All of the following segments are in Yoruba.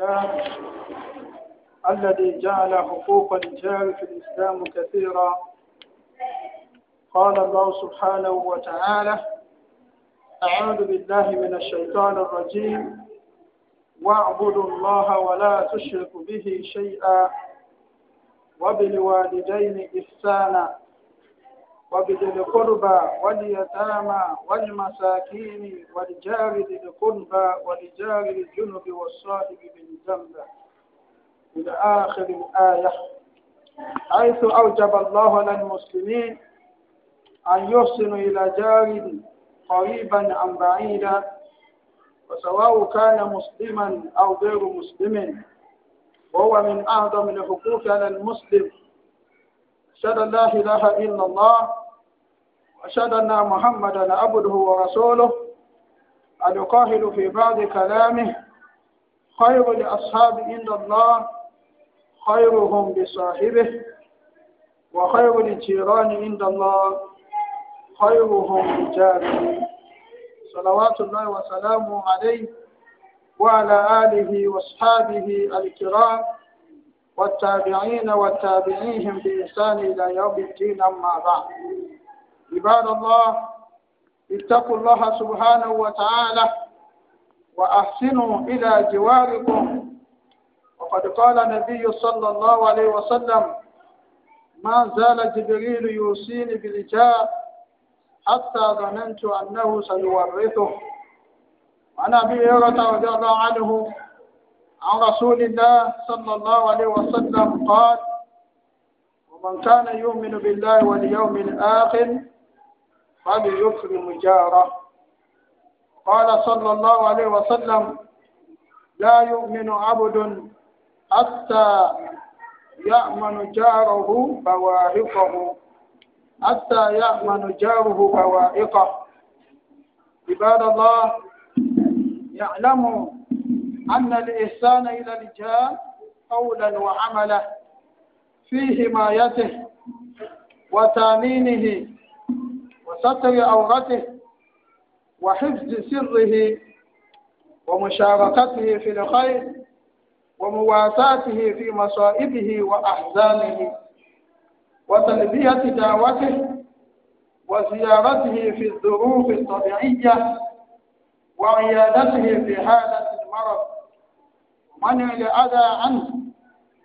الإسلام الذي جعل حقوق الرجال في الإسلام كثيرا قال الله سبحانه وتعالى أعوذ بالله من الشيطان الرجيم واعبدوا الله ولا تشركوا به شيئا وبالوالدين إحسانا وبذي القربى واليتامى والمساكين والجار ذي القربى والجار الجنب والصاحب بالجنب إلى آخر الآية حيث أوجب الله على المسلمين أن يحسنوا إلى جار قريبا أم بعيدا وسواء كان مسلما أو غير مسلم وهو من أعظم الحقوق على المسلم أشهد أن لا إله إلا الله وأشهد أن محمدا عبده ورسوله القاهر في بعض كلامه خير لأصحاب عند الله خيرهم بصاحبه وخير للجيران عند الله خيرهم بجاره صلوات الله وسلامه عليه وعلى آله وأصحابه الكرام والتابعين والتابعيهم بإحسان إلى يوم الدين أما بعد عباد الله اتقوا الله سبحانه وتعالى وأحسنوا إلى جواركم وقد قال النبي صلى الله عليه وسلم ما زال جبريل يوصيني بالجاه حتى ظننت أنه سيورثه وعن أبي هريرة رضي الله عنه عن رسول الله صلى الله عليه وسلم قال ومن كان يؤمن بالله واليوم الآخر فليكرم مجاره قال صلى الله عليه وسلم لا يؤمن عبد حتى يأمن جاره بوائقه حتى يأمن جاره بوائقه عباد الله يعلموا أن الإحسان إلى الجار قولا وعملا في حمايته وتامينه وستر عورته وحفظ سره ومشاركته في الخير ومواساته في مصائبه وأحزانه وتلبية دعوته وزيارته في الظروف الطبيعية وعيادته في حالة المرض منع الأذى عنه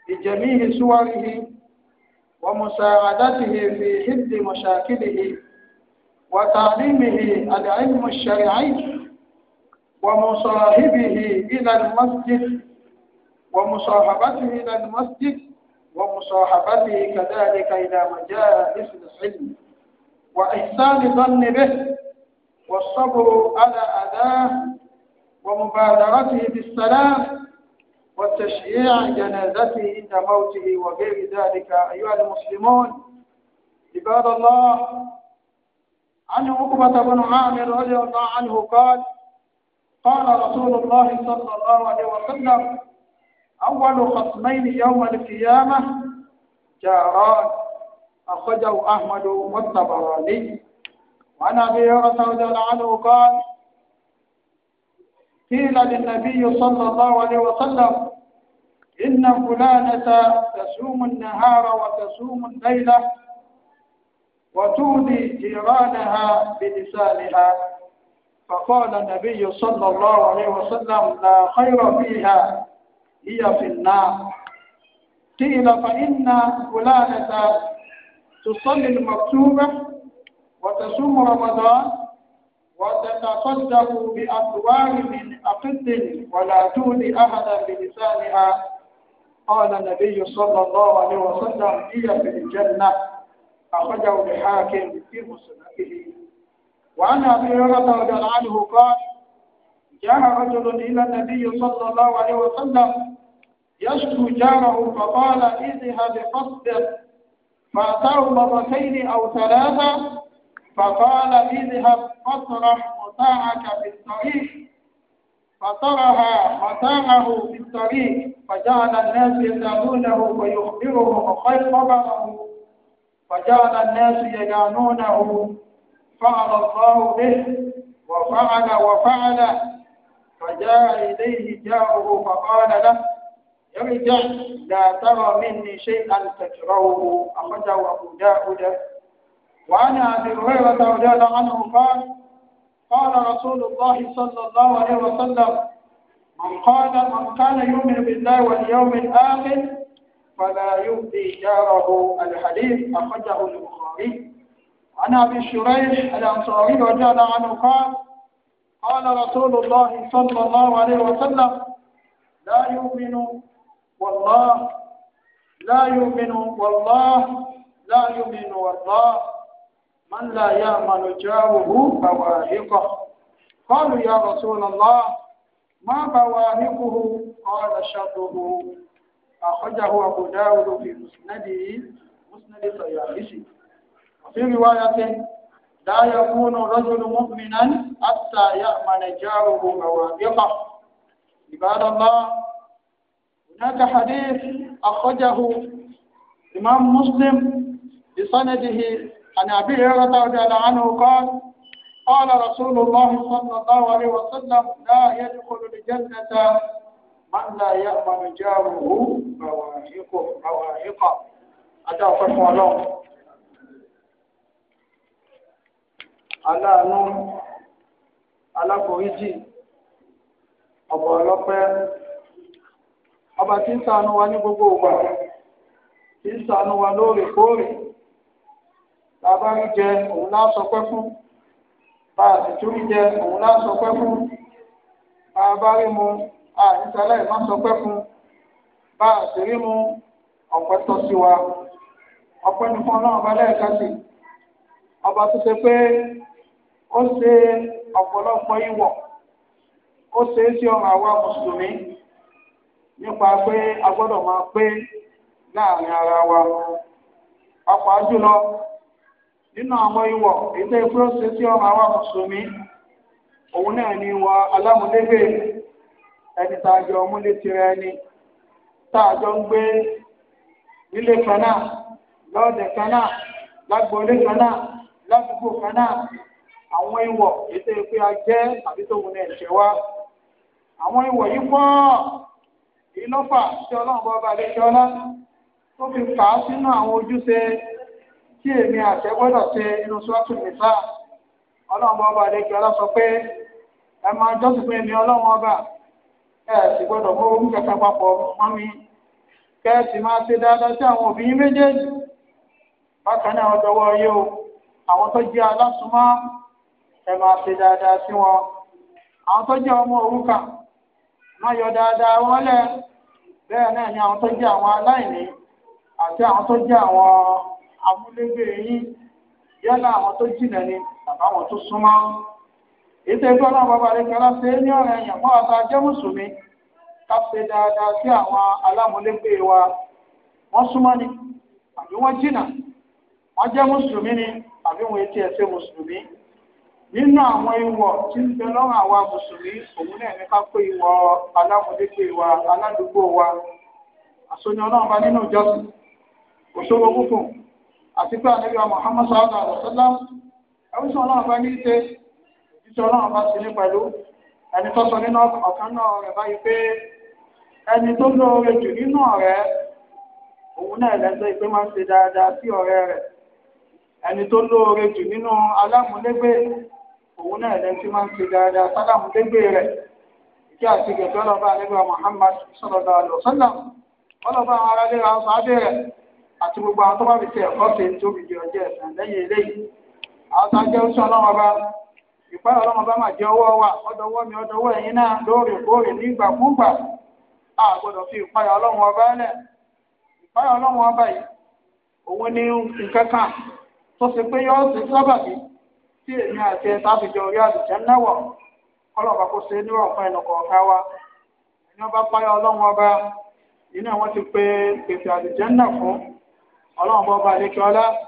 بجميع صوره ومساعدته في حل مشاكله وتعليمه العلم الشرعي ومصاحبه إلى المسجد ومصاحبته إلى المسجد ومصاحبته كذلك إلى مجالس العلم وإحسان ظن به والصبر على أذاه ومبادرته بالسلام وتشييع جنازته عند موته وغير ذلك أيها المسلمون عباد الله عن عقبة بن عامر رضي الله عنه قال قال رسول الله صلى الله عليه وسلم أول خصمين يوم القيامة جاران أخرجه أحمد والطبراني وعن أبي هريرة رضي الله عنه قال قيل للنبي صلى الله عليه وسلم إن فلانة تصوم النهار وتصوم الليلة وتؤذي جيرانها بلسانها فقال النبي صلى الله عليه وسلم لا خير فيها هي في النار قيل فإن فلانة تصلي المكتوبة وتصوم رمضان وتتصدق بأقوال من أقد ولا تؤذي أحدا بلسانها قال النبي صلى الله عليه وسلم هي في الجنة أخرجه الحاكم في مسنده وعن أبي هريرة رضي الله عنه قال جاء رجل إلى النبي صلى الله عليه وسلم يشكو جاره فقال اذهب فاصبر فأتاه مرتين أو ثلاثة فقال اذهب فاطرح متاعك في الطريق فطرح متاعه في الطريق فجعل الناس يسألونه ويخبرهم خير خبره فجعل الناس يجعنونه فعل الله به وفعل وفعل فجاء إليه جاره فقال له ارجع لا ترى مني شيئا تكرهه أخذ أبو داود وعن أبي هريرة رضي الله عنه قال قال رسول الله صلى الله عليه وسلم من قال من كان يؤمن بالله واليوم الآخر فلا يؤذي جاره الحديث أخرجه البخاري عن أبي شريح الأنصاري رضي الله عنه قال قال رسول الله صلى الله عليه وسلم لا يؤمن والله لا يؤمن والله لا يؤمن والله من لا يأمن جاره بواهقه قالوا يا رسول الله ما بواهقه قال شره أخرجه أبو داود في مسنده مسند صياحته وفي رواية لا يكون الرجل مؤمنا حتى يأمن جاره موابقه عباد الله هناك حديث أخرجه إمام مسلم بسنده عن أبي هريرة رضي الله عنه قال قال رسول الله صلى الله عليه وسلم لا يدخل الجنة من لا يأمن جاره بواهقه بواهقه أدعو فهم الله aláàánú aláforíjì ọ̀bọ̀ ọlọ́pẹ́ ọba tí ń ṣàánú wa ní gbogbo ìgbà tí ń rí jẹ òun náà mu àníṣàlẹ ìmọ̀sọpẹ́ fún bá a sì rí mu ọ̀pẹ́ tọ́ sí wa ọpẹ́ ní fún ọlọ́run bá lẹ́ẹ̀ka sí ọba tó ṣe pé ó ṣe ọ̀pọ̀lọpọ̀ ìwọ̀ ó ṣe é sí ọ̀rọ̀ àwa mùsùlùmí nípa pé a gbọ́dọ̀ máa pé láàrin ara wa ọ̀pọ̀ àjùlọ nínú àwọn ìwọ̀ èyí tó ṣe sí ọ̀rọ̀ àwa mùsùlùmí òun náà ni ìwà alámúlégbè. ẹni tá a jọ tirẹ ni. tá jọ ń gbé nílé kan lọ́ọ̀dẹ̀ kan náà lágboolé kan kan àwọn ìwọ̀ ètò ìpè ajẹ́ àbí tó wù ní ẹ̀ṣẹ̀ wa àwọn ìwọ̀ yìí pọ́n ìlọ́fà tí ọlọ́run bá bá lẹ́kẹ́ ọlá tó fi kà á sínú àwọn ojúṣe tí èmi àtẹ gbọ́dọ̀ ṣe inú sọ́ọ̀tù nìta ọlọ́run bá bá sọ pé ẹ máa jọ́sìn fún èmi ọlọ́run ẹ sì gbọ́dọ̀ mọ ohun kẹta papọ̀ mọ́ mi kẹ́ ẹ máa ṣe dáadáa sí àwọn òbí méjèèjì bákan náà o àwọn tó jẹ́ ẹ máa ṣe dáadáa sí wọn àwọn tó jẹ́ ọmọ òrukàn má yọ dáadáa wọlé bẹ́ẹ̀ náà ni àwọn tó jẹ́ àwọn aláìní àti àwọn tó jẹ́ àwọn yín yálà àwọn tó jìnà ètò ẹgbẹ́ ọlọ́mọba rẹ̀ kẹ́lá ṣe é ní ọ̀rẹ́ musulmi mọ́ ọ̀tá jẹ́ mùsùlùmí ká ṣe dáadáa sí àwọn alámúlégbé wa wọ́n súnmọ́ ni àbí wọ́n jìnà wọ́n jẹ́ mùsùlùmí ni àbí wọ́n etí ẹ̀ṣẹ̀ mùsùlùmí nínú àwọn ìwọ̀ tí ń bẹ lọ́rùn àwa mùsùlùmí òun náà ní ká wa aládùúgbò wa àsọyìn ọlọ́mọba nínú ìjọsìn àti pé sallallahu alaihi tí ọlọ́run bá ṣe ní pẹ̀lú ẹni tó sọ nínú ọ̀kan náà rẹ̀ báyìí pé ẹni tó lóore jù nínú ọ̀rẹ́ òun náà lẹ́sẹ̀ ìpé máa ń ṣe dáadáa sí ọ̀rẹ́ rẹ̀ ẹni tó lóore jù nínú alámúlégbé òun náà lẹ́sẹ̀ máa ń dáadáa sálámúlégbé rẹ̀ kí àti ọlọ́ba ọlọ́ba àwọn ra ọ̀sán ìpáyà ọlọ́run bá máa jẹ ọwọ́ wa ọdọwọ́ mi ọdọwọ́ ẹ̀yin náà lóòrèkóòrè nígbàkúgbà a gbọ́dọ̀ fi ìpáyà ọlọ́mọ ọba lẹ̀ ìpáyà ọlọ́mọ ọba yìí òun ni nǹkan kan tó ṣe pé yóò ti sábàbí tí èmi àti ẹ̀ta àbìjọ orí àdìjẹ́ wa ẹni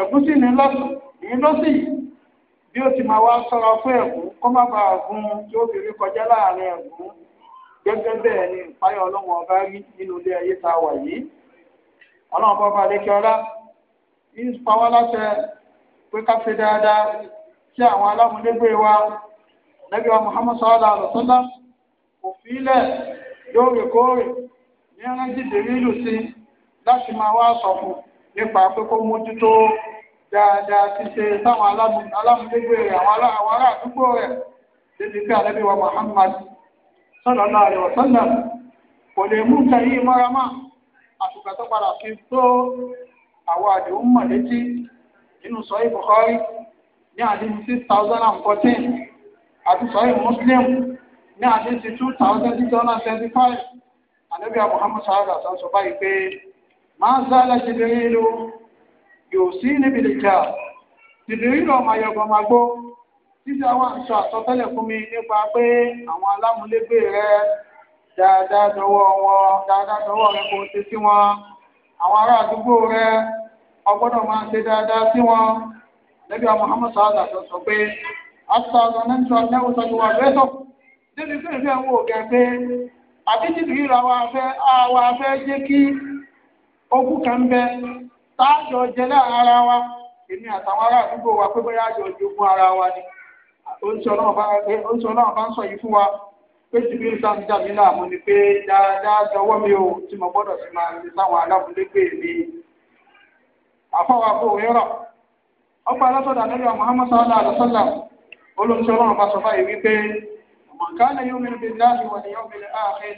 ẹ̀gúsí ni lọ́sùn èyí lọ́sì yìí bí ó ti máa wá sọ́ra fún ẹ̀gún kó má bàa gun tí ó fi rí kọjá láàrin ẹ̀gún gẹ́gẹ́ bẹ́ẹ̀ ni ìpáyọ̀ ọlọ́run ọba rí nínú ilé ayé wà yìí ọlọ́run ọba bá lékè ọlá ń láṣẹ pé ká dáadáa àwọn alámúlégbé wa wa láti máa nípa pé kó mójútó dáadáa ṣíṣe sáwọn alámúlégbé rẹ̀ àwọn ará àdúgbò rẹ̀ títí pé ànábì wa Muhammad sallallahu alaihi wasallam kò lè mú nǹkan yìí mọ́ra mọ́ àtùgbà tó padà fi tó àwọn àdéhùn mọ̀ létí nínú sọ́yìn Bukhari ní àdéhùn six thousand and fourteen àti sọ́yìn Muslim ní àdéhùn two thousand six hundred and thirty five ànábì wa Muhammad sallallahu alaihi wasallam sọ báyìí pé. ما زال جبريل يوصيني بالكتاب جبريل ọmọ ayọ̀gbọ̀magbó títí àwọn àṣọ àsọtẹ́lẹ̀ fún mi nípa pé àwọn alámúlégbè rẹ dáadáa dọwọ́ wọn dáadáa dọwọ́ rẹ kò ṣe sí wọn àwọn ará rẹ ọgbọ́dọ̀ máa ṣe dáadáa wọn lẹ́bí sọ pé ń sọ wà lẹ́sọ̀ débi pé àbí okwu kan bẹ táàjọ jẹ láàrin ara wa èmi àtàwọn ará àdúgbò wa pé bóyá àjọ jogún ara wa ni oúnjẹ ọlọ́run bá ń sọ yìí fún wa pé tìbí ń sáà ń jà mí láàmú ni pé dáadáa jọ̀wọ́ mi o tí mo gbọ́dọ̀ sí máa ń sáwọn alábùlégbè mi ọba alásọ̀dà olóńtí ọlọ́run bá sọ báyìí wípé yóò bí ààrẹ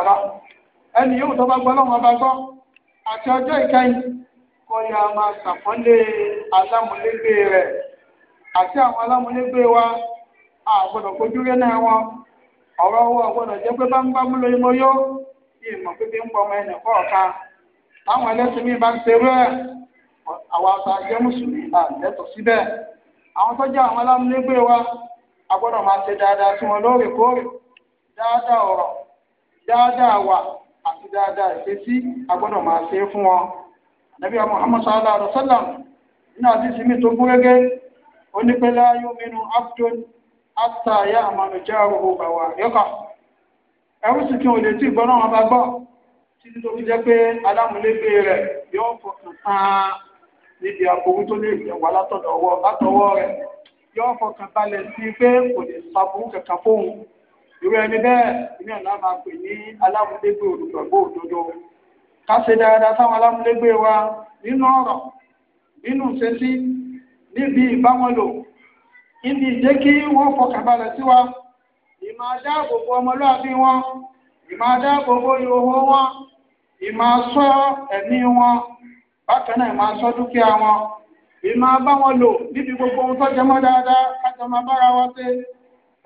ara ẹni yóò tó bá gbọ́ lọ́wọ́ bá gbọ́ àti ọjọ́ ìkẹyìn kó yá máa ṣàpọ́nlé alámúlégbé rẹ̀ àti àwọn alámúlégbé wa àgbọ̀dọ̀ kojú rẹ̀ náà wọn ọ̀rọ̀ owó àgbọ̀dọ̀ jẹ́ pé bá ń bá mú lórí mo yó kí ìmọ̀ pípé ń pọmọ ẹnì kọ̀ọ̀kan táwọn ẹlẹ́sìn mi bá ń ṣerú ẹ̀ àwọn àṣà jẹ́ mùsùlùmí àlẹ́tọ̀ síbẹ̀ àwọn tó jẹ́ àwọn alámúlégbé wa àgbọ̀dọ̀ máa ṣe dáadáa sí wọn lóòrèkóòrè dáadáa ọ̀rọ̀ dáadáa wà àti dáadáa ìṣesí agbọ́dọ̀ máa ṣe é fún wọn nàbí Muhammad sallallahu alaihi wa sallam nínú àdìsí mi tó gún régé ó ní pé la yu'minu abdun hatta ya'manu jaruhu bawa'iqah ẹrú sì kí wọn lè tí ìgbọ́nà wọn bá gbọ́ títí tó fi jẹ́ pé alámúlégbé rẹ̀ yóò fọkàn tán níbi agbowó tó lè yẹ wà látọ̀dọ̀ látọwọ́ rẹ̀ yóò fọkàn balẹ̀ sí pé kò lè sàbùkù kankan fóun irú ẹni bẹ́ẹ̀ ilé ẹ̀ náà máa pè ní alámúlégbé olùgbàgbọ́ òdodo ká ṣe dáadáa sáwọn alámúlégbé wa nínú ọ̀rọ̀ nínú ṣẹ́sí níbi ìbáwọn lò níbi ìjẹ́ kí wọ́n fọkàn balẹ̀ sí wa ìmọ̀ adáàbòbò ọmọlúwàbí wọn ìmọ̀ adáàbòbò ìhòòhò wọn ìmọ̀ asọ́ ẹ̀mí wọn bákan náà ìmọ̀ asọ́ dúkìá wọn ìmọ̀ abáwọn lò níbi gbogbo ohun tó jẹmọ́ dáadáa ká jọ máa bára wa ṣe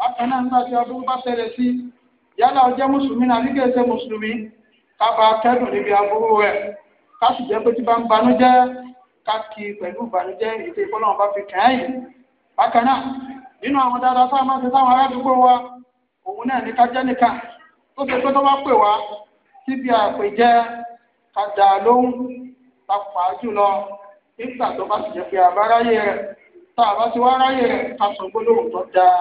bákan náà nígbà tí ọdún bá ṣẹlẹ̀ sí yálà ó jẹ́ mùsùlùmí náà bí kèsè mùsùlùmí ká bá kẹ́dùn níbi aburú rẹ̀ ká sì jẹ́ pé tí bá ń banújẹ́ ká kí pẹ̀lú ìbànújẹ́ ètò ìfọlọ́wọ́n bá fi kàn án yìí bákan náà nínú àwọn dáadáa sáà máa ń ṣe sáwọn aládùúgbò wa òun náà ní ká jẹ́ nìkan tó ṣe pé tó bá pè wá síbi àpèjẹ ká dà lóhùn tapà jùlọ nígbà tó bá sì jẹ́ pé àbáráyé rẹ̀ tá a bá ti wá ráyè rẹ̀ ká sọ gbólóhùn tó dáa.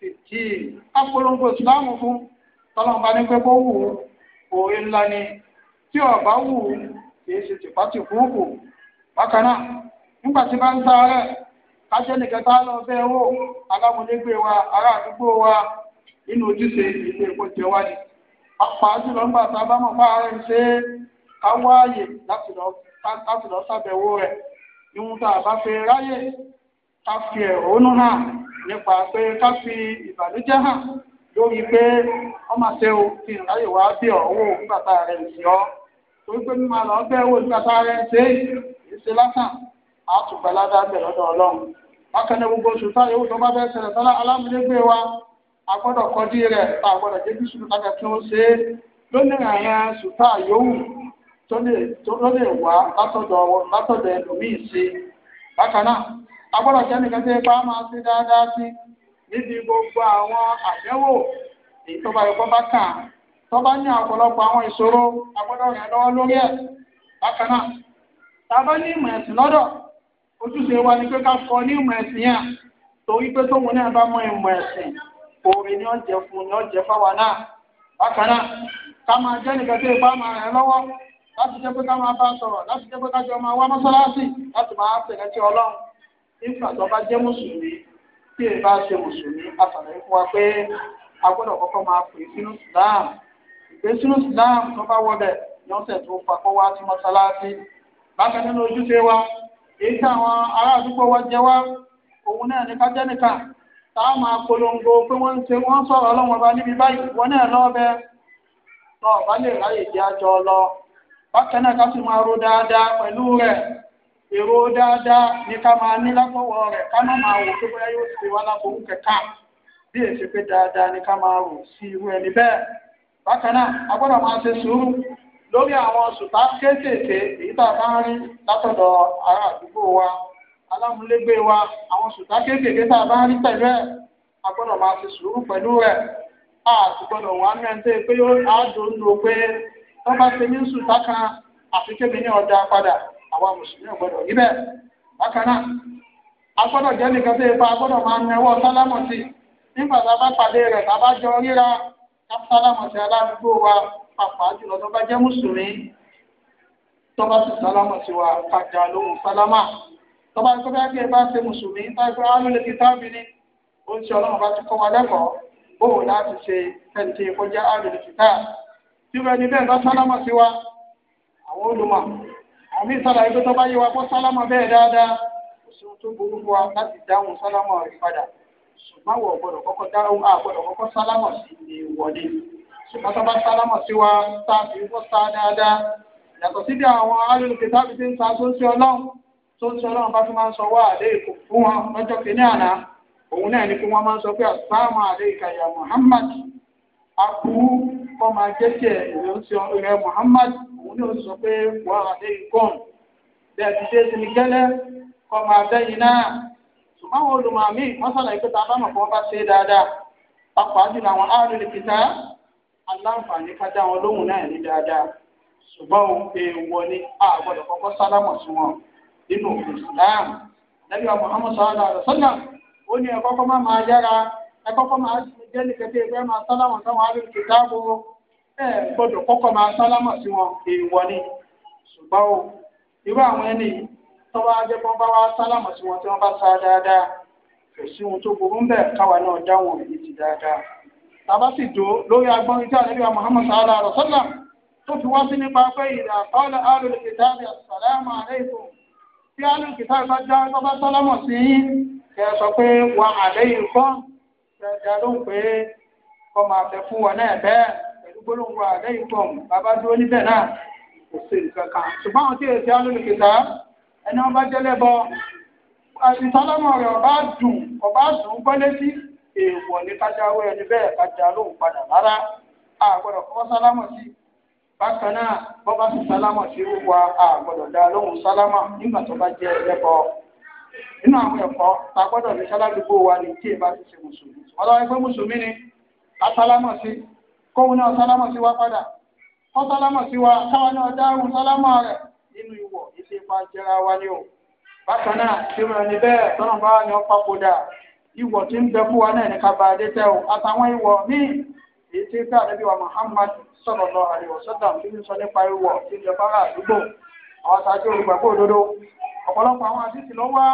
tí apolongo ìsìláàmù fún tọ́lọ́mọba ní pé kó wù ú òye ńlá ni tí ọ̀bá wù ú kìí ṣe tìpátì kúrúkù bákan náà nígbà tí bá ń sáré kájẹ́ nìkan tá lọ bẹ́ẹ̀ wò alámúlégbé wa ará àdúgbò wa nínú ojúṣe ilé epo jẹ wá ni pàápàá jùlọ ńgbà tá a bá mọ̀ fáárẹ̀ ń ṣe ká wáàyè láti lọ sábẹ̀wò rẹ̀ ìhun tá a bá fẹ́ ráyè ká fi ẹ̀hónú hàn nípa pé ká fi ìbànújẹ́ hàn lórí pé ọmọ ṣe o ti ń wá bí ọ̀wọ́ nígbàtà rẹ̀ ń ọ́ torí pé mímọ lọ bẹ́ẹ̀ wò nígbàtà rẹ̀ ṣe é ṣe lásán àtùgbàládà ọlọ́run bákan náà gbogbo oṣù wa a kọjú rẹ̀ tá a gbọ́dọ̀ jẹ́ wọ́n ṣe é lónìí sùtá yòówù tó lè wá látọ̀dọ̀ ẹlòmíì bákan agbọ́dọ̀ sẹ́nìkan tẹ́ pa máa ṣe dáadáa sí níbi gbogbo àwọn àdẹ́wò èyí tó bá yẹ kó bá kàn án tó bá ní ọ̀pọ̀lọpọ̀ àwọn ìṣòro agbọ́dọ̀ rìn lọ́wọ́ lórí ẹ̀ bákan náà tá a bá ní ìmọ̀ ẹ̀sìn lọ́dọ̀ ojúṣe wa ni pé ká kọ ní ìmọ̀ ẹ̀sìn yẹn torí pé tóun náà bá mọ ìmọ̀ ẹ̀sìn oore ni ó jẹ fún ni ó jẹ fáwa náà bákan náà ká máa jẹ́ nìkan tó ipá máa rẹ̀ lọ́wọ́ láti jẹ́ pé ká máa bá sọ̀rọ̀ láti jẹ́ pé ká jọ máa wá mọ́sálásì láti máa pèrè ọlọ́run nígbà tó bá jẹ́ mùsùlùmí tí èyí bá ṣe mùsùlùmí àtàlẹ́ fún wa pé a gbọ́dọ̀ kọ́kọ́ máa pè sínú Islam ìgbé sínú Islam tó bá wọlé yọ̀ọ́sẹ̀ tó fakọ́ wá sí mọ́sálásí bákan nínú ojúṣe wa èyí tí àwọn ará àdúgbò wa jẹ wá òun náà ní kájẹ́nìkà tá a máa polongo pé wọ́n ń ṣe wọ́n sọ̀rọ̀ ọlọ́run ọba níbi báyìí wọ́n náà lọ́ọ́bẹ̀ tó ọ̀bá lè ráyè jẹ́ àjọ lọ bákan náà ká sì máa ro dáadáa pẹ̀lú rẹ̀ èrò dáadáa ní ká máa ní lápọ̀wọ́ rẹ̀ ká má máa wò bóyá yóò ti wá láboyún kẹta bí èsì pé dáadáa ní ká máa sí irú ẹni bẹ́ẹ̀ bákan náà a gbọ́dọ̀ máa ṣe sùúrù lórí àwọn sùtá wa alámúlégbé wa àwọn sùtá kéékèèké tá a bá ń rí pẹ̀lú ẹ̀ a gbọ́dọ̀ máa ṣe sùúrù pẹ̀lú rẹ̀ a ti gbọ́dọ̀ wá pé yóò àwa mùsùlùmí ọ̀gbọ́dọ̀ níbẹ̀ bákan náà agbọ́dọ̀ jẹ́ nìkan tó yẹ pa agbọ́dọ̀ máa ń ẹwọ́ sálámọ̀ sí nígbà tá a bá pàdé rẹ̀ tá a bá jọ ríra ká sálámọ̀ sí aládùúgbò wa pàápàá jùlọ tó bá jẹ́ mùsùlùmí tó bá sì sálámọ̀ sí wa kájà lóhùn sálámà tó bá tó bá gbé bá ṣe mùsùlùmí tá a gbé alólè ti tábì ni ó ń ṣe ọlọ́run bá ti kọ́ wa lẹ́kọ̀ọ́ bóun láti ṣe fẹ́ntì kó jẹ́ alólè ti táà tí wọ́n ẹni bẹ́ẹ̀ bá sálámọ̀ sí wa àwọn olùmọ̀ àní sọlá ibi tó bá yẹ wa kó sálámà bẹ́ẹ̀ dáadáa kò sí ohun tó burú fún wa láti dáhùn sálámà padà ṣùgbọ́n wọ̀ gbọ́dọ̀ kọ́kọ́ dáhùn kọ́kọ́ sálámà sí ni wọlé ṣùgbọ́n tó bá sálámà sí wa tá a fi kó sá dáadáa yàtọ̀ síbi àwọn ti ń sa tó ń ọlọ́run tó ń ọlọ́run bá fi Muhammad akú kọ́ máa jẹ́ òun ni ó sọ pé wà á lè kọ́m a ti ṣe sinmi gẹ́lẹ́ kọ́ máa bẹ́yìn náà ṣùgbọ́n àwọn olùmọ̀mí wọ́n sọ̀rọ̀ ìpè tá a bá mọ̀ kó wọ́n bá ṣe dáadáa pàápàá jùlọ àwọn áàrùn ìpìtà aláǹfààní ká dá wọn lóhùn náà ní dáadáa ṣùgbọ́n èèwọ̀ ni a gbọ́dọ̀ kọ́kọ́ sálámọ̀ sí wọn nínú òfin Islam lẹ́bí wa Muhammad sallallahu alaihi wa sallam ó ní ẹ̀kọ́kọ́ máa máa yára ẹ̀kọ́kọ́ máa jẹ́ nìkẹ́kẹ́ ẹgbẹ́ máa sálámọ̀ sáwọn ẹ gbọ́dọ̀ kọ́kọ́ máa sálámà sí wọn èèwọ̀ ni ṣùgbọ́n o irú àwọn ẹni tọ́wọ́ ajẹ́pọ́n bá wá sálámà sí wọn tí wọ́n bá sá dáadáa kò sí ohun tó burú bẹ́ẹ̀ káwa náà dáwọn òbí ti dáadáa tàbá sì dó lórí agbọ́n ìjà níbi Muhammad sallallahu alaihi wasallam tó fi wá sí nípa pé ìdá àkọọ́lẹ̀ àrùn kìtàbí assalamu alaikum tí àrùn kìtàbí bá já tọ́bá sálámà sí yín kẹ sọ pé wà àlẹ́ yìí kọ́ kẹ gbólóhùn wa lẹ́yìn tọ̀hún bàbá dúró níbẹ̀ náà kò sí nǹkan kan ṣùgbọ́n àwọn tí èsì alólùkìtà ẹni wọn bá jẹ́lẹ̀ bọ ìtọ́lọ́mọ rẹ̀ ọba dùn ọba dùn gbọ́ létí èèwọ̀ ní kájáwé ẹni bẹ́ẹ̀ kájà lóhùn padà rárá àgbọ̀dọ̀ kọ́ sálámọ̀ sí bákan náà bọ́ bá sì sálámọ̀ sí wíwá àgbọ̀dọ̀ dá lóhùn sálámọ̀ nígbà tó bá jẹ́ ẹlẹ́bọ nínú àwọn ẹ̀kọ́ ta gbọ́dọ̀ ní sáládùúgbò wa ní tí èèbá ti ṣe mùsùlùmí ọlọ́wọ́ ẹgbẹ́ mùsùlùmí ni asálámọ̀ sí kóhun náà sálámọ̀ sí wa padà kọ́ sálámọ̀ sí wa káwọn náà dáhùn sálámọ̀ rẹ̀ nínú ìwọ̀ ìṣe ipa jẹra wa ni o bákan náà tí wọn ní bẹ́ẹ̀ tọ́nà bá ní ọ papòdà ìwọ̀ tí ń bẹ fún wa náà ní ká bá a dé tẹ́ o àtàwọn ìwọ̀ míì èyí tí ká àdébí wa Muhammad sallallahu alaihi wasallam tí ń sọ nípa ìwọ̀ tí ń bẹ fara àdúgbò àwọn aṣáájú olùgbàgbọ́ òdodo ọ̀pọ̀lọpọ̀ àwọn àdìsí lọ́wọ́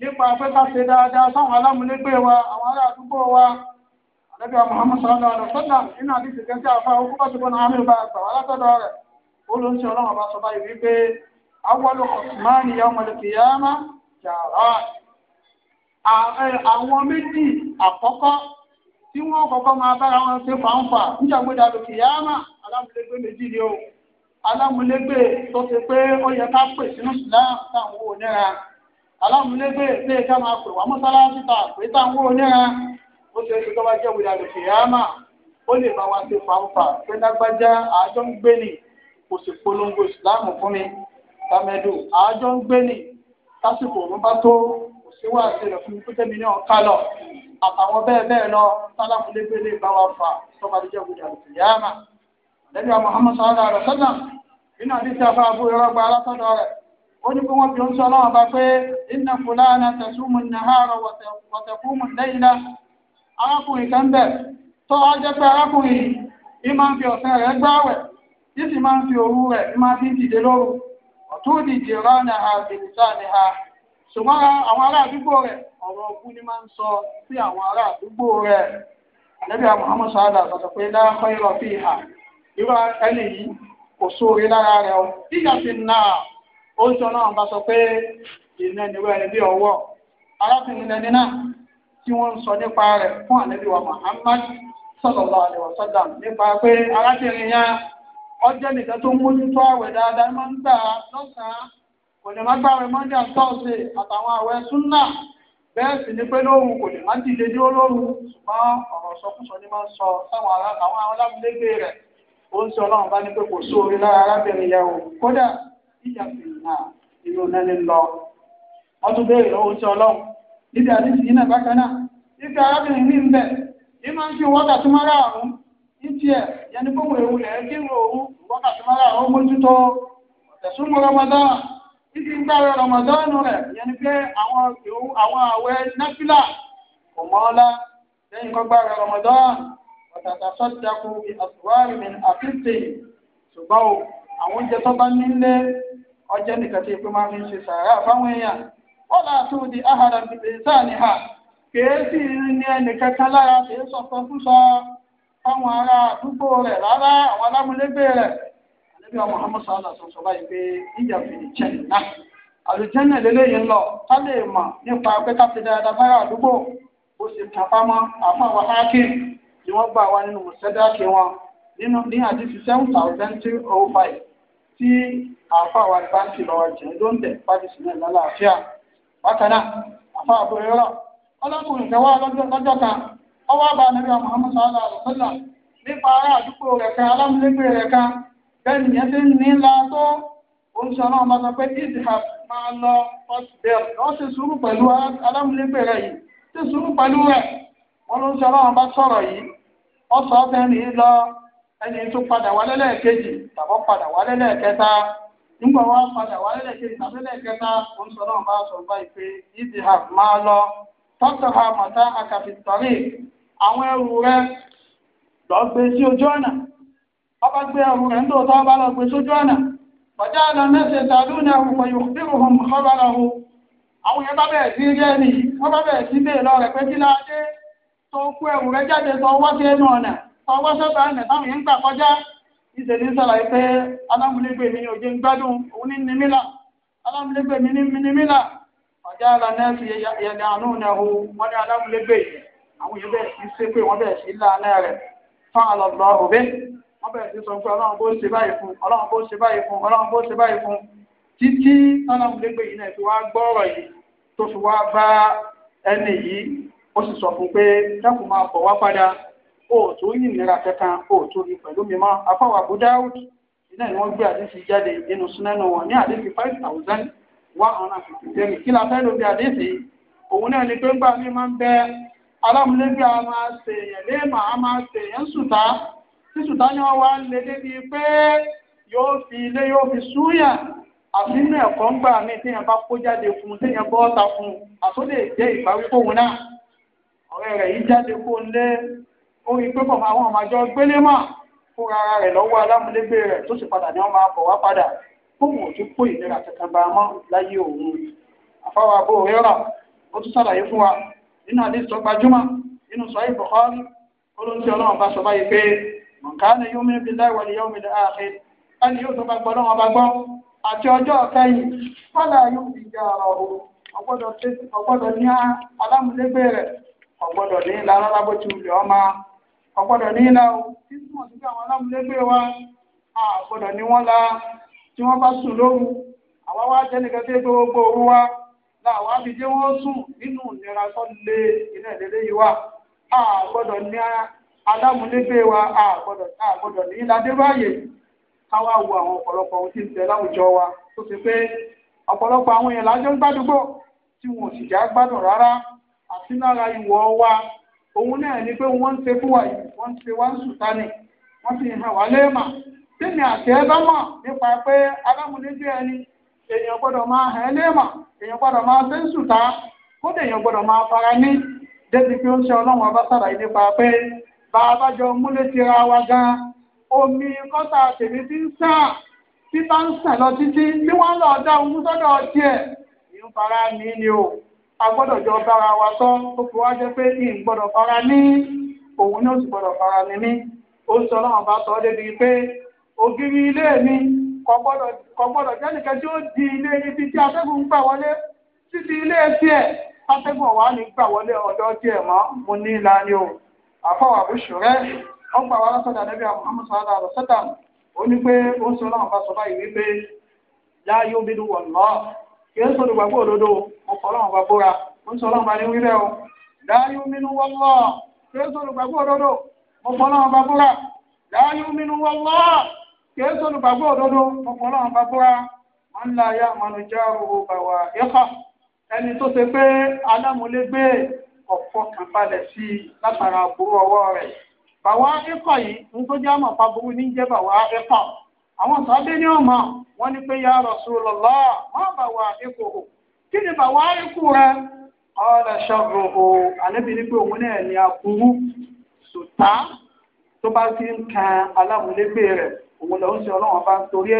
nípa afẹ́ká ṣe dáadáa sáwọn alámúlégbé wa àwọn ará àdúgbò wa ànábì Muhammad sallallahu alaihi wa sallam nínú àdìsí kẹsí àfa okúkọ tó gbọnà àmì ìbá àgbà alátọdọ rẹ olóńsì Ọlọ́run ọba sọ báyìí wípé awọlù ọsùnmáàni yawm al-qiyama jàrá àwọn méjì àkọ́kọ́ tí wọ́n ni o alámúlégbé tó ti pé ó yẹ ká pè sínú ìsìláàmù táwọn ò nira alámúlégbé lè ká máa ta nira ó ṣe é tó bá jẹ́ wíra lòkè yáàmà ó lè bá wa ṣe fàǹfà pé lágbájá àjọ ń gbé nì kò sì polongo ìsìláàmù fún mi tàmẹ́dù àjọ ń gbé nì tásìkò òun bá tó kò sí wà sí rẹ̀ fún pété mi náà ká lọ àtàwọn bẹ́ẹ̀ bẹ́ẹ̀ lọ sáláfúlégbé lè bá wa fà tó jẹ́ wíra lòkè yáàmà lẹ́nu àwọn Muhammad sallallahu alaihi wasallam nínú àdìsí ó ní kí wọ́n fi ń sọ náà bá pé inna fulana tasumu an-nahara wa taqumu al-layla arákùnrin kan bẹ̀ tó wá jẹ́ pé arákùnrin yìí ní máa ń fi ọ̀sẹ̀ rẹ̀ gbáwẹ̀ ní sì máa ń fi òru rẹ̀ ní máa fi dìde lóru ọ̀tún dìde ránà ha ni ha ṣùgbọ́n àwọn ará àdúgbò rẹ̀ ọ̀rọ̀ ogun ni máa ń sọ sí àwọn ará àdúgbò rẹ̀ àlẹ́bíà Muhammad sọ́dà sọ̀tọ̀ pé láàkọ́ ìrọ̀ fi hà irú ẹni yìí kò sóore lára rẹ̀ o ìyá ti nà ó ń sọ náà bá sọ pé tí wọ́n ń sọ nípa rẹ̀ fún ànábì Muhammad sallallahu alaihi wasallam nípa pé arábìnrin yẹn ọjọ́ nìkan tó ń mójútó àwẹ̀ dáadáa máa ń gbà lọ́sàn-án kò lè má gbàwẹ̀ mọ́ndé àtọ́sẹ̀ àtàwọn àwẹ̀ súnà bẹ́ẹ̀ sì ni pé lóru kò lè má dìde dé olóru ṣùgbọ́n ọ̀rọ̀ sọkúsọ ni máa ń sọ sáwọn ará àwọn alámúlégbé rẹ̀ ó ń sọ ọlọ́run bá ní pé kò sóore lára arábìnrin yẹn o kódà ìjà fìlà ìlú náà lọ wọ́n tún béèrè lọ́wọ́ sí ọlọ́run níbi àdìsí yìí náà bákan náà ibi arábìnrin mi ń bẹ̀ yìí máa ń fi wákàtí mara àrùn ní tiẹ̀ yẹni gbogbo èwu rẹ̀ kí n òun wákàtí mara àrùn mójútó ọ̀tẹ̀súnmù Ramadan títí ń gbára Ramadan rẹ̀ yẹni pé àwọn àwẹ̀ kò mọ́ lẹ́yìn gbára Ramadan ọ̀tàtà sọ́jàkú mi àfíìsì ṣùgbọ́n àwọn oúnjẹ tó bá nílé ọ̀là àtúndì ahàrà bìtẹ́sánì ha kèésì ní ẹnìkankan lára kèé sọ̀tọ̀ fúnṣọ fáwọn ará àdúgbò rẹ̀ rárá àwọn alámúlégbé rẹ àlébí ọmọ hamusa alasọsọ báyìí pé ìjà fìdí jẹnì náà àlùjẹ́nà lélẹ́yìn lọ ká lè mọ̀ nípa pé fi dáadáa àdúgbò ó sì àwọn ni wọ́n gbà wá nínú mùsẹ́dáàkì wọn nínú ní seven thousand two oh five tí àwọn bakana afọ àbúrò rọ ọlọ́kùnrin kẹwàá lọ́jọ́ kan ọwọ́ bá nàbí Muhammad sallallahu alaihi wasallam nípa ará àdúgbò rẹ̀ kan alámúlégbè rẹ̀ kan bẹ́ẹ̀ni yẹn ti ní ńlá tó oúnjẹ náà sọ pé máa lọ sùúrù pẹ̀lú nígbà wa padà wà lẹ́lẹ̀ kejì tàbí lẹ́ẹ̀kẹta òun sọ náà bá sọ báyìí pé ha máa lọ tọ́tọ̀ ha màtá àkàfi tọ́lé àwọn ẹrù rẹ lọ gbé sí ojú ọ̀nà ọba gbé ẹrù rẹ ńlò tó bá lọ gbé sójú ọ̀nà bàjá lọ mẹ́sẹ̀ tàdú ní ẹrù pẹ̀lú bírù hùm kọ́bà lọ hù àwọn yẹn bá bẹ̀rẹ̀ sí wọ́n bá bẹ̀rẹ̀ sí bẹ́ẹ̀ lọ rẹ̀ pé kí tó kú ẹrù rẹ jáde tó ìṣèlú sàlàyé pé alámúlégbè mi ò jẹ́ ń gbádùn òun ní nímílà alámúlégbè mi ní nímílà ọ̀já ara nẹ́ẹ̀sì yẹ̀dẹ̀ àánú nẹ̀hu wọ́n ní alámúlégbè àwọn yẹn bẹ́ẹ̀ sí ṣépè wọ́n bẹ̀rẹ̀ sí láàánú rẹ̀ fún àlọ́lọ́ òbí wọ́n bẹ̀rẹ̀ sí sọ pé ọlọ́run bó ṣe báyìí fún títí alámúlégbè yìí náà fi wá gbọ́ ọ̀rọ̀ yìí tó fi wá bá ẹni yìí ó sì sọ fún pé dákùn máa bọ̀ wá padà òòtú yìí nira kankan òòtú rí pẹ̀lú mímọ́ afọwọ́ Abu Dawud iná ni wọ́n gbé àdéhùn jáde nínú súnẹ́nu wọn ní àdéhùn five thousand one hundred and fifty three kí la fẹ́ ló bí àdéhùn òun náà ni pé ń gbà mí máa ń bẹ alámúlẹ́bí a máa ṣèyàn léèmọ̀ a máa ṣèyàn sùtá tí sùtá ni wọ́n wá ń lé débi pé yóò fi ilé yóò fi súyà àfi inú ẹ̀kọ́ ń gbà mí téèyàn bá kó jáde fún un téèyàn bọ́ ọ̀ta fún un àtúndè jẹ́ ìgbà wípé náà ọ̀rẹ́ rẹ̀ yìí jáde kó ń lé orí pé bọ̀ àwọn ọmọ àjọ gbélé mọ̀ fún ara rẹ̀ lọ́wọ́ alámúlégbé rẹ̀ tó sì padà ní ọmọ àbọ̀ wá padà fóun ò tún kó ìlera kankan bá a mọ́ láyé òun àfáwà bó rẹ̀ rà ó tún sàlàyé fún wa nínú àdéhùn tó gbajúmọ̀ nínú sọ ìbùkọ́rí olóńtí ọlọ́run bá sọ báyìí pé mọ̀kánà yóò mú bíi láìwọlé yóò mú ààrẹ ẹni yóò tó bá gbọ́ lọ́wọ́ bá gbọ́ àti ọjọ́ kẹyìn fọ́lá yóò fi jẹ ọ̀rọ̀ ọgbọ́dọ̀ ní alámúlégbé rẹ̀ ọgbọ́dọ̀ ní lára lábọ́tí ọmọ Ọgbọdọ ní ilá o tí àwọn alámúlégbé wa àgbọ́dọ̀ ní wọn la tí wọn bá sùn lóru àwa wá jẹ́ nìkan tí gbogbo òru wa làwọn wọn sùn nínú ìnira tó lé iná ìdílé yìí wa àgbọ́dọ̀ wa ní káwá wo àwọn ọ̀pọ̀lọpọ̀ ohun tí wa tó ti pé ọ̀pọ̀lọpọ̀ àwọn èèyàn ń gbádùgbò tí wọn ò sì já gbádùn wa òun náà ni pé wọ́n ń ṣe fún wa yìí wọ́n ń ṣe wá ń sùn tani wọ́n sì hàn wá léèmà tẹ́ni àti ẹ bá mọ̀ nípa pé alámúlédé ẹni èèyàn gbọ́dọ̀ máa hàn ẹ́ èèyàn gbọ́dọ̀ fara ní débi pé ó ṣe ọlọ́run ọba sàlàyé nípa pé bá a jọ múlé omi kota tèmi ti ń sàn tí bá ń sàn lọ títí tí wọ́n lọ dá ohun sọ́dọ̀ o. a gbọ́dọ̀ jọ bára wa sọ tó fi wá jẹ́ pé ní fara ní òun ní òsì gbọ́dọ̀ fara ní mí ó sọ náà bá sọ ọ́ débi pé ògiri ilé mi kò gbọ́dọ̀ di ilé ibi tí atẹ́gùn gbà wọlé títí ilé tiẹ̀ atẹ́gùn ọ̀wá ní gbà wọlé ọ̀dọ́ tiẹ̀ mọ́ mo ní ìlànà o àfọwà wa lọ́sọ̀dà níbi àwọn ọmọ sọ̀rọ̀ ó ní pé kìí sọ olùgbàgbọ́ òdodo ọkọ̀ọ̀lọ́wọ̀n bá bóra ó ń sọ ọlọ́run bá ní wílẹ̀ o láyé ominú wọ́lọ́ kìí sọ olùgbàgbọ́ òdodo ọkọ̀ọ̀lọ́wọ̀n bá bóra ominú wọ́lọ́ kìí sọ olùgbàgbọ́ òdodo ọkọ̀ọ̀lọ́wọ̀n bá wọn là yá àmọ́nu àwọn sàábé ní ọmọ wọn ni pé ya Rasulullah má bà wà ikú o kí ni bà wà ikú rẹ ọ̀rẹ́ ṣọ́gun o ànábì ní pé òun náà ní sùtá tó bá ti ń kan rẹ òun bá ń torí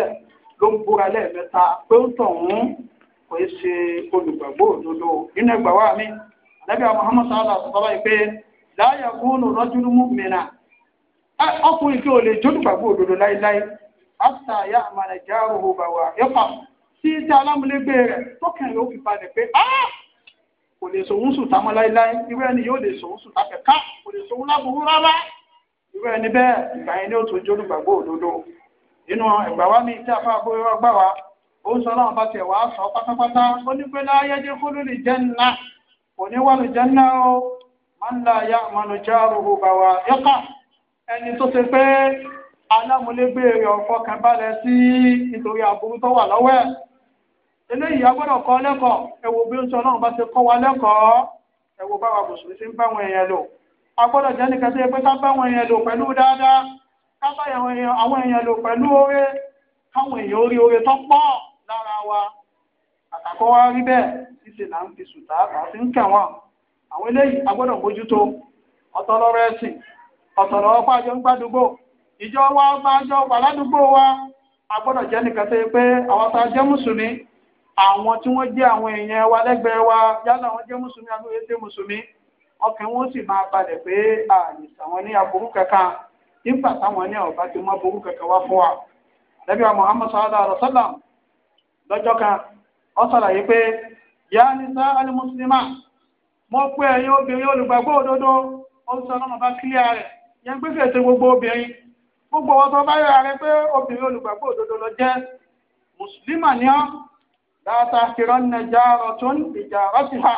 ló ń búra pé ó kò í ṣe òdodo nínú wa mi pé ọkùnrin kí o lè òdodo láéláé àṣà àyà àmàlẹ̀ já òhò bàwà yọpa sí ti alámúlégbé rẹ̀ tókàn yóò fi balẹ̀ pé kò lè sòun sùn támọ́ láéláé irú ẹni yóò lè sòun sùn táfẹ̀ ká kò lè sòun láburú rárá irú ẹni bẹ́ẹ̀ ìgbà yẹn ni ó tó jólúgbàgbọ́ òdodo nínú ẹgbà wa mi tí a fáwọn abóyọ ọgbà wa ó ń sọ láwọn bá tiẹ̀ wá sọ pátápátá ó ní pé láyé dé kó ló lè jẹ́ ńlá kò ní wà o máa la ya àmọ́ ló já rògbò ẹni tó ṣe pé alámúlégbé rẹ̀ ọ̀fọ́ kan balẹ̀ sí nítorí aburú tó wà lọ́wọ́ ẹ̀ eléyìí agbọ́dọ̀ kọ́ lẹ́kọ̀ọ́ ẹ̀wò bí ń sọ náà bá ti kọ́ wa lẹ́kọ̀ọ́ ẹ̀wò báwa mùsùlùmí ti ń bá àwọn èèyàn lò agbọ́dọ̀ jẹ́ nìkan tó pé ká bá àwọn èèyàn lò pẹ̀lú dáadáa ká wa àtàkọ́ wa rí bẹ́ẹ̀ ṣíṣe là ń fi sùtà àti ń kẹ̀wọ̀n àwọn eléyìí agbọ́dọ̀ ọ̀tọ̀ lọ́rọ̀ ẹ̀sìn ọ̀tọ̀ lọ́rọ̀ pàjọ́ ń ìjọ wa gbájọ wà ládùúgbò wa a gbọ́dọ̀ jẹ́ nìkan tó yẹ pé àwọn tá a jẹ́ mùsùlùmí àwọn tí wọ́n jẹ́ àwọn èèyàn wa lẹ́gbẹ̀ẹ́ wa yálà wọ́n jẹ́ mùsùlùmí mùsùlùmí ọkàn wọn sì máa balẹ̀ pé ní aburú kankan nígbà táwọn ní ti mọ aburú kankan Muhammad sallallahu alaihi wa sallam lọ́jọ́ kan pé ní sá alimusulima pé ẹ̀yin obìnrin olùgbàgbọ́ òdodo ó sọ kílíà rẹ̀ yẹn gbé gbogbo ọwọ́ tó bá rẹ pé obìnrin olùgbàgbọ́ òdodo lọ jẹ́ mùsùlùmá ni ọ́ dáadáa kìrọ́ ìjà ọ̀rọ̀ sí ha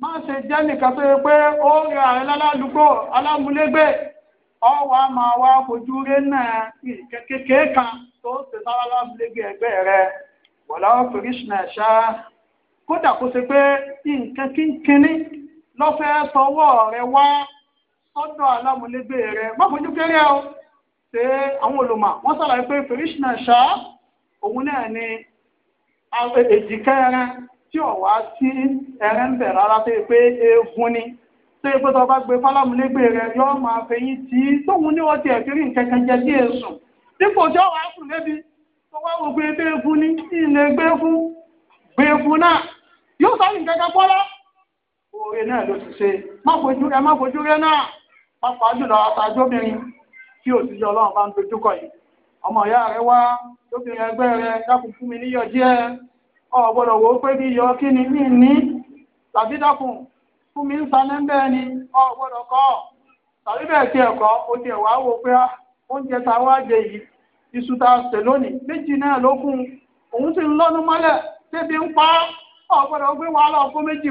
má ṣe jẹ́ nìkan tó yẹ pé ó rí ààrẹ lálálùgbò alámúlégbè ọ wà máa wá fojú rí náà kékeré kan tó ṣe sára lámúlégbè ẹgbẹ́ rẹ wọ̀lá ṣá kódà kó pé nǹkan kínkínní rẹ ṣé àwọn olùmọ̀ wọ́n sọ̀rọ̀ pé fèrèsìnà ṣá òun náà ni èjìká ẹran tí ò wá sí ẹran ń bẹ̀ rárá tó yẹ pé eegun ni tó yẹ pé tó bá gbé fálámúlégbè rẹ yóò máa fẹyín tí tóun ní wọ́n ti ẹ̀fí rí nǹkan kan jẹ bí èsùn dípò tí ó wàá sùn lébi tó wá wo gbé gbé fún ní ilé gbé fún gbé fún náà yóò sọ nǹkan kan pọ́lá òòrè náà ló ti ṣe má fojú rẹ má fojú rẹ náà má pàájù lọ àtàjọ́bìnrin tí òṣìṣẹ́ ọlọ́run bá ń dojúkọ yìí ọmọ ìyá rẹ wá lóbìnrin ẹgbẹ́ rẹ dákun fún mi níyọ díẹ̀ ọ̀gbọ́dọ̀ wò ó pé kí yọ kí ni mí ní tàbí dákun fún mi ń sanẹ́ ni ọ̀gbọ́dọ̀ kọ́ tàbí bẹ́ẹ̀ tiẹ̀ wá wò pé ah, oúnjẹ wá jẹ yìí iṣu lónìí méjì náà ló kún òun sì ń lọ́nu mọ́lẹ̀ ń pa ọ̀gbọ́dọ̀ gbé wàhálà ọkọ méjì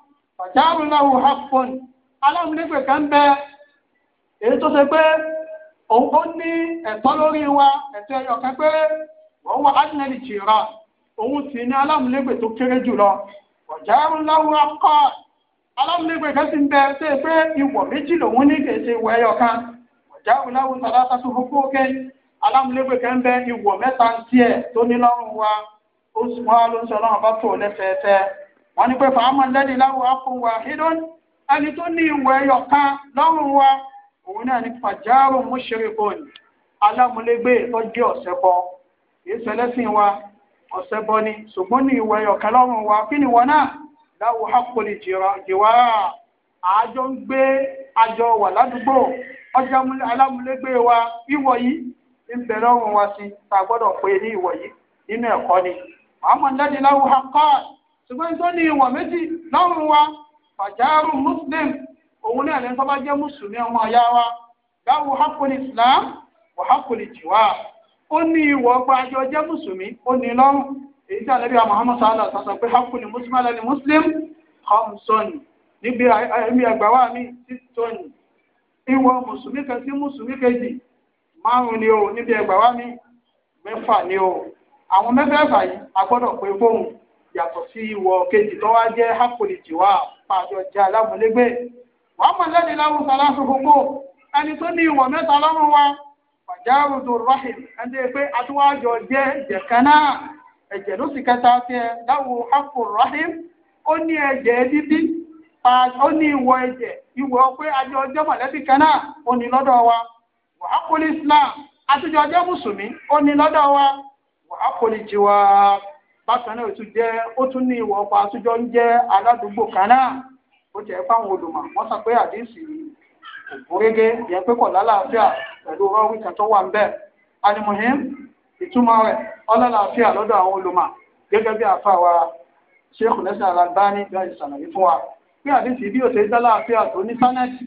ọ̀jáàrú náà wò hapun aláwọn onígbè kan bẹ èyí tó ṣe pé òun ó ní ẹ̀tọ́ lórí wa ẹ̀tọ́ ẹ̀yọ̀ kan pé wọ́n wá adínẹ́lì jìrà òun sì ní aláwọn onígbè tó kéré jùlọ ọ̀jáàrú náà wò akọ́ aláwọn onígbè kan sì ń bẹ ṣe pé ìwọ̀ méjì lòun ní ṣe kan náà sàdá wọ́n ní pé fàámà lẹ́dí láwùú akùn wà hídún ẹni tó ní ìwẹ̀ ẹyọ lọ́rùn wa òun náà ní pàjáwò mushrikun alámúlégbé tó ọ̀sẹ̀bọ ni ṣùgbọ́n ní ìwẹ̀ lọ́rùn wa kí ni wọ́n náà àjọ ń gbé àjọ wà ládùúgbò ọjà alámúlégbé wa ìwọ̀ yìí ń lọ́rùn wa sí a gbọ́dọ̀ pé ní ìwọ̀ ṣùgbọ́n tó ní ìwọ̀ méjì lọ́rùn wa fàjárù muslim òun náà lẹ́nu tó bá jẹ́ mùsùlùmí ọmọ ọ̀yá wa báwo hakùn islam wà hakùn ìjìwà ó ní ìwọ̀ ọgbà àjọ jẹ́ mùsùlùmí ó ní lọ́rùn èyí tí àlẹ́bí Muhammad sallallahu alaihi wasallam pé hakùn muslim alẹ́ni muslim hamson níbi ẹ̀mí ẹgbà wa mi títọ́n ìwọ̀ mùsùlùmí kan sí mùsùlùmí kejì márùn ni o níbi ẹgbà mi mẹ́fà ni o àwọn mẹ́fẹ̀ẹ̀fà yìí a pé fóun yàtọ̀ sí ìwọ kejì tó wá jẹ́ hápòlì tìwá pàjọ jẹ́ alámúlégbé wàá mọ̀ lẹ́ni láwùsọ aláṣọ gbogbo ẹni tó ní ìwọ̀ mẹ́ta lọ́rùn wa rahim ẹni pé atúwájọ jẹ́ ẹ̀jẹ̀ kan náà ẹ̀jẹ̀ ló sì kẹta láwù rahim ó ní ẹ̀jẹ̀ dídí ó ní ìwọ̀ ẹ̀jẹ̀ ìwọ̀ pé ajọ ọjọ́ mọ̀lẹ́bí kan náà ó islam ọjọ́ mùsùlùmí bákan náà tún jẹ́ ó tún ní ìwọ̀ ọkọ̀ àtúnjọ ń jẹ́ aládùúgbò kan náà ó jẹ́ fáwọn olùmọ̀ wọ́n sọ pé àdéhùn ògúnrégé yẹn pé kò lálàáfíà pẹ̀lú rọ́ọ̀wì kan tó wà ń bẹ̀ alimohim ìtumọ̀ rẹ̀ ọlọ́làáfíà lọ́dọ̀ àwọn olùmọ̀ gẹ́gẹ́ bí àfàwà sheikh nẹ́sìn Al-Albani bí wọ́n ti ṣàlàyé fún wa bí àdéhùn bí òṣèré lálàáfíà tó ní sánẹ́tì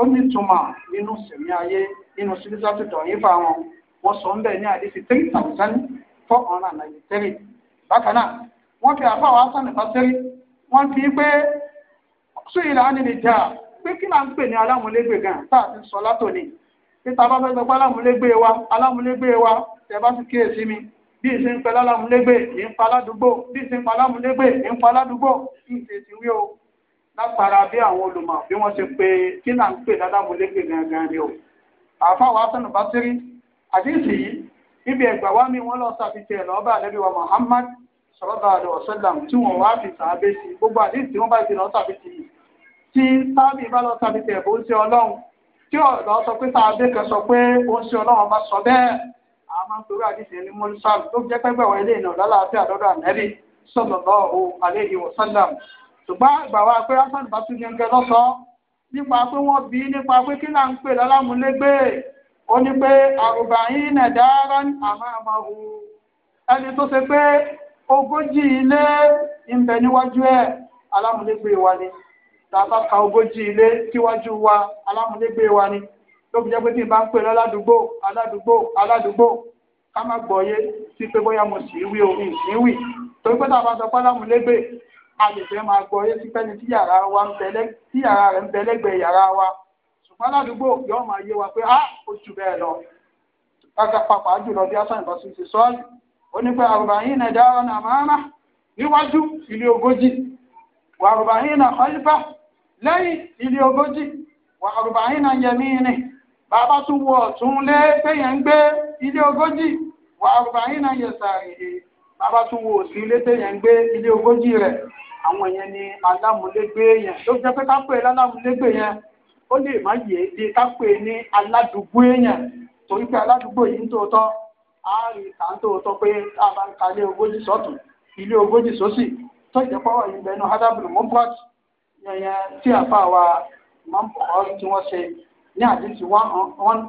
ó ní ìtumọ̀ nínú sẹ̀mí ayé nínú sílíṣàtì tọ̀yìn fáwọn wọ́n sọ ń bẹ̀ ní àdéhùn three thousand four hundred and ninety three bákan náà wọ́n fi àfa àwọn asán nìkan sẹ́rí wọ́n fi pé sún ìlà á nílì jà pé kí là ń pè ní alámúlégbè gan tá a ti sọ látòní títa bá fẹ́ sọ pé alámúlégbè wa alámúlégbè wa tẹ bá ti kíyèsí mi bí ìsìn ń pẹ lálàmúlégbè ní ń pa ládùúgbò bí ìsìn pa lálàmúlégbè ní ń pa ládùúgbò kí n ṣe ti wí o látara bí àwọn olùmọ̀ bí wọ́n ṣe pé kí là ń pè lálàmúlégbè gangan ni o àfa àwọn asán nìkan sẹ́rí àdéhìsì yìí níbi ẹgbà wá mi wọ́n lọ sàfihàn ẹ̀ lọ́ba àlẹ́bí Muhammad sallallahu alaihi wasallam tí wọ́n wá fi sàábé sí gbogbo àdéhùn tí wọ́n bá ti lọ sàfihàn yìí tí sábì bá lọ sàfihàn ẹ̀ bó ń ṣe ọlọ́run tí ọ̀dọ́ sọ pé sàábé kan sọ pé ó ń ṣe ọlọ́run ọba sọ bẹ́ẹ̀ àwọn máa ń torí àdéhùn ẹni mọ́lú sáàlù tó jẹ́ pẹ́gbẹ́ wọ ilé ìnà lálàáfíà lọ́dọ̀ ànẹ́bí sallallahu alaihi wasallam ṣùgbọ́n àgbà wa ó ní pé àrùbáyín nà dáárá àmọ́ àmọ́ òun ẹni tó ṣe pé ogójì ilé ń bẹ níwájú ẹ̀ alámúlégbé wa ni tàbá ka ogójì ilé síwájú wa alámúlégbé wa ni ló fi jẹ́ pé tí n bá ń pè lọ́ládùúgbò aládùúgbò aládùúgbò ká má gbọ́yé sí pé bóyá mo sì wí orí ìsínwì torí pé tàbá sọ pé a lè fẹ́ máa gbọ́yé sí pẹ́ni tí yàrá rẹ̀ ń bẹ lẹ́gbẹ̀ẹ́ yàrá wa wọn ládùúgbò yóò máa yé wa pé á ah, oṣù bẹ́ẹ̀ lọ kàkà pàpà jùlọ bí asan ìbáṣu ti sọ ọ́ onígbà àrùbá yìí nà dára nà na níwájú ilé ogójì wà lẹ́yìn ilé ogójì wà àrùbá yìí yẹmí ni bàbá tún wọ ọ̀tún lé ń gbé ilé ogójì wà àrùbá yìí nà yẹsàrì bàbá tún wọ òsì ó lè má yè é di kápẹ́ ní aládùúgbò èèyàn torí pé aládùúgbò yìí ń a bá ka ilé ogójì sọ́tún ilé ogójì sósì tó jẹ́ pọ́wọ́ yìí bẹnu hadabul mufrad yẹnyẹn tí tí wọ́n ṣe ní àdìsí one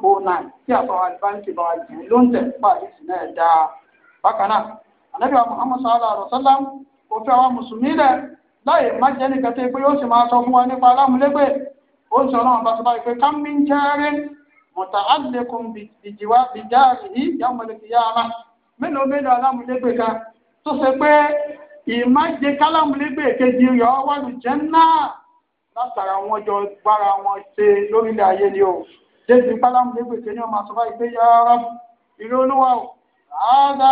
oh nine tí àfa wa bá ń bá jù ló ń tẹ̀ àdìsí náà wa sallallahu alaihi wa sallam kò mùsùlùmí má jẹ́ ó ń sọ ọlọ́run bá tó bá yẹ pé kámi ń jẹ́rẹ́ mọ̀tà àlékún bìjìwá bìjáàrì yìí yàmọ̀lẹ́ ti yá ara mélòó mélòó alámúlégbè ká tó ṣe pé ìmájẹ kálámúlégbè kejì rẹ̀ ọwọ́lù jẹ́ náà látara wọn jọ gbára wọn ṣe lórílẹ̀ ayé ni o débi kálámúlégbè kejì ọmọ àtúbá ìgbé yára ìlú olúwa o àádá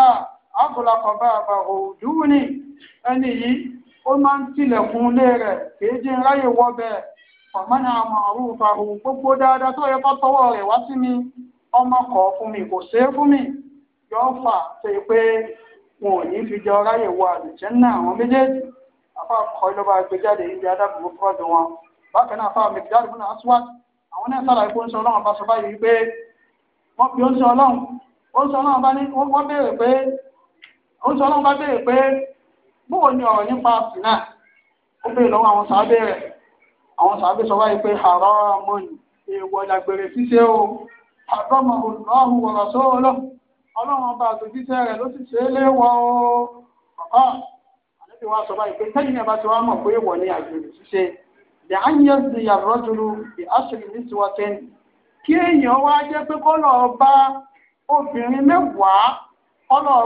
àgùlàkọ̀ bá àbà òdúwù ni ẹni yìí ó máa ń tilẹ̀kùn ilé rẹ̀ kéjì ráyè wọ bẹ́ẹ̀ ọ̀mọ́nà màrúfà òun gbogbo dáadáa tó yẹ kó tọwọ́ rẹ̀ wá sí mi ọmọ kọ̀ fún mi kò ṣeé fún mi yọ fà ṣe pé wọn ò ní fi jọ ráyè wọ àlùjẹ́ náà àwọn méjèèjì afa kọ́ ló jáde adágún fúrọ́dù wọn bákan náà jáde àwọn náà sára ikú ọlọ́run bá sọ báyìí pé wọ́n fi ọlọ́run ọlọ́run bá ní wọ́n béèrè pé ọlọ́run bá béèrè pé bóò ni ọ̀rọ̀ nípa àwọn sàbí sọ wáyé pé haramun èèwọ̀ làgbèrè ṣíṣe o àdọ́mọ̀ olùdáhùn wọ̀rọ̀ sóòlọ́ ọlọ́run ọba àtòjíṣẹ́ rẹ̀ ló sì ṣe é léwọ́ o bàbá àlejò wa sọ báyìí pé tẹ́yìn ẹ̀ bá ti wá mọ̀ pé èèwọ̀ ni àgbèrè ṣíṣe the anyas the yarrojulu the ashiri niswaten kí èèyàn wá jẹ́ pé kọ́lọ̀ ọba obìnrin mẹ́wàá kọ́lọ̀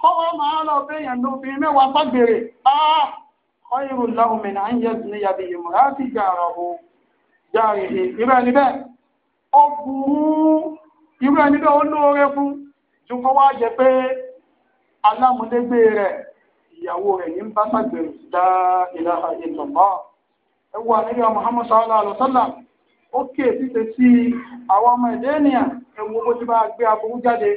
kọ́wọ́ máa lọ bẹ́yàn lófin mẹ́wàá fàgbèrè áá ọ̀yẹ̀rù lọ́hùnmẹ̀nà ń yẹ ní yàbí ìmúra sí jàrọ̀ o jàrì he irú ẹni bẹ́ẹ̀ ó burú irú ẹni bẹ́ẹ̀ ó lóore fún ju kọ́ wá jẹ pé alámúlégbé rẹ̀ ìyàwó rẹ̀ ní bá fàgbèrè dá ilá ìtọ̀mọ́ ẹ wà níbi ọmọ ẹ̀dẹ́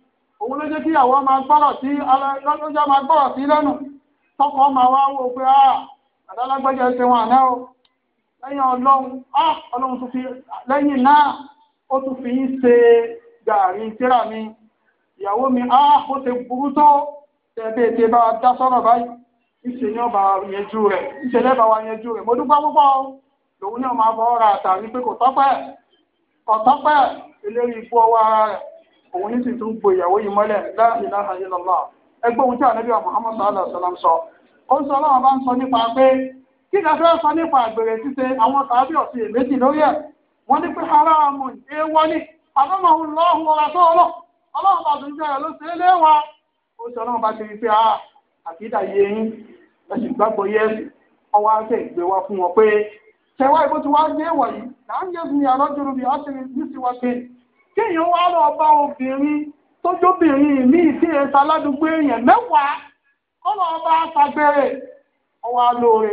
òun ló jẹ́ kí ìyàwó máa gbọ́rọ̀ sí lọ́jọ́ máa gbọ́rọ̀ sí lẹ́nu tọkọ máa wá wò pé a ah, àdálágbẹ́jẹ́ ṣe wọn àná o lẹ́yìn ọlọ́run a ah, fi lẹ́yìn náà ó tún fi ń ṣe gààrí tíra mi ìyàwó mi a ah, ó ṣe burú tó tẹ̀bẹ̀ tẹ bá dá sọ́rọ̀ báyìí ìṣe òun ní sì tún bo ìyàwó yìí mọ́lẹ̀ la ilaha illallah ẹgbẹ́ ohun tí Muhammad sallallahu alaihi wasallam sọ ó sọ ọlọ́run bá ń sọ nípa pé kí a sọ nípa àgbèrè ṣíṣe àwọn tàbí ọ̀sìn èméjì lórí ẹ̀ wọ́n ní pé haramu èèwọ̀ ni àbámọ̀hún lọ́hùn ọ̀rọ̀ tó ọlọ́ ọlọ́run bá tún ló ṣe é ó sọ ọlọ́run bá ti rí pé a ah, àkídà yé yín gbàgbọ́ yẹ ọwọ́ kéèyàn wá lọ bá obìnrin tójóbìnrin míì tí ẹ ṣaládùúgbò èèyàn mẹ́wàá kọ́lọ̀ ọba fagbẹ́rẹ̀ ọwọ́ alóore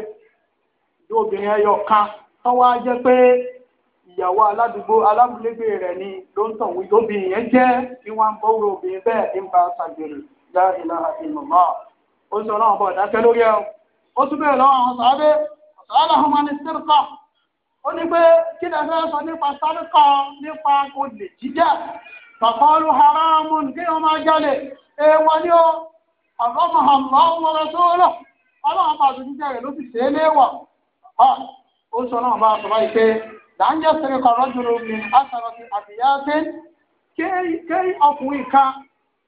ní obìnrin ẹyọ kan tọ́wọ́ jẹ́ pé ìyàwó aládùúgbò alábùlégbè rẹ̀ ni ló ń tàn wíjọ́ yẹn jẹ́ wọ́n ń obìnrin bẹ́ẹ̀ ń bá ìmọ̀mọ́ ó sọ náà bọ̀ dákẹ́ ó ní pé kí n'i fẹ́ sọ nípa sárúkọ nípa kò lè jíjà bàbá olú haramu kí wọ́n jalè ni ó ọ̀rọ̀ mọ̀hànmọ́ wọn lọ sóòlọ̀ bá tó jíjà ló fi ṣe é ó sọ náà bá báyìí pé kí ọkùnrin kan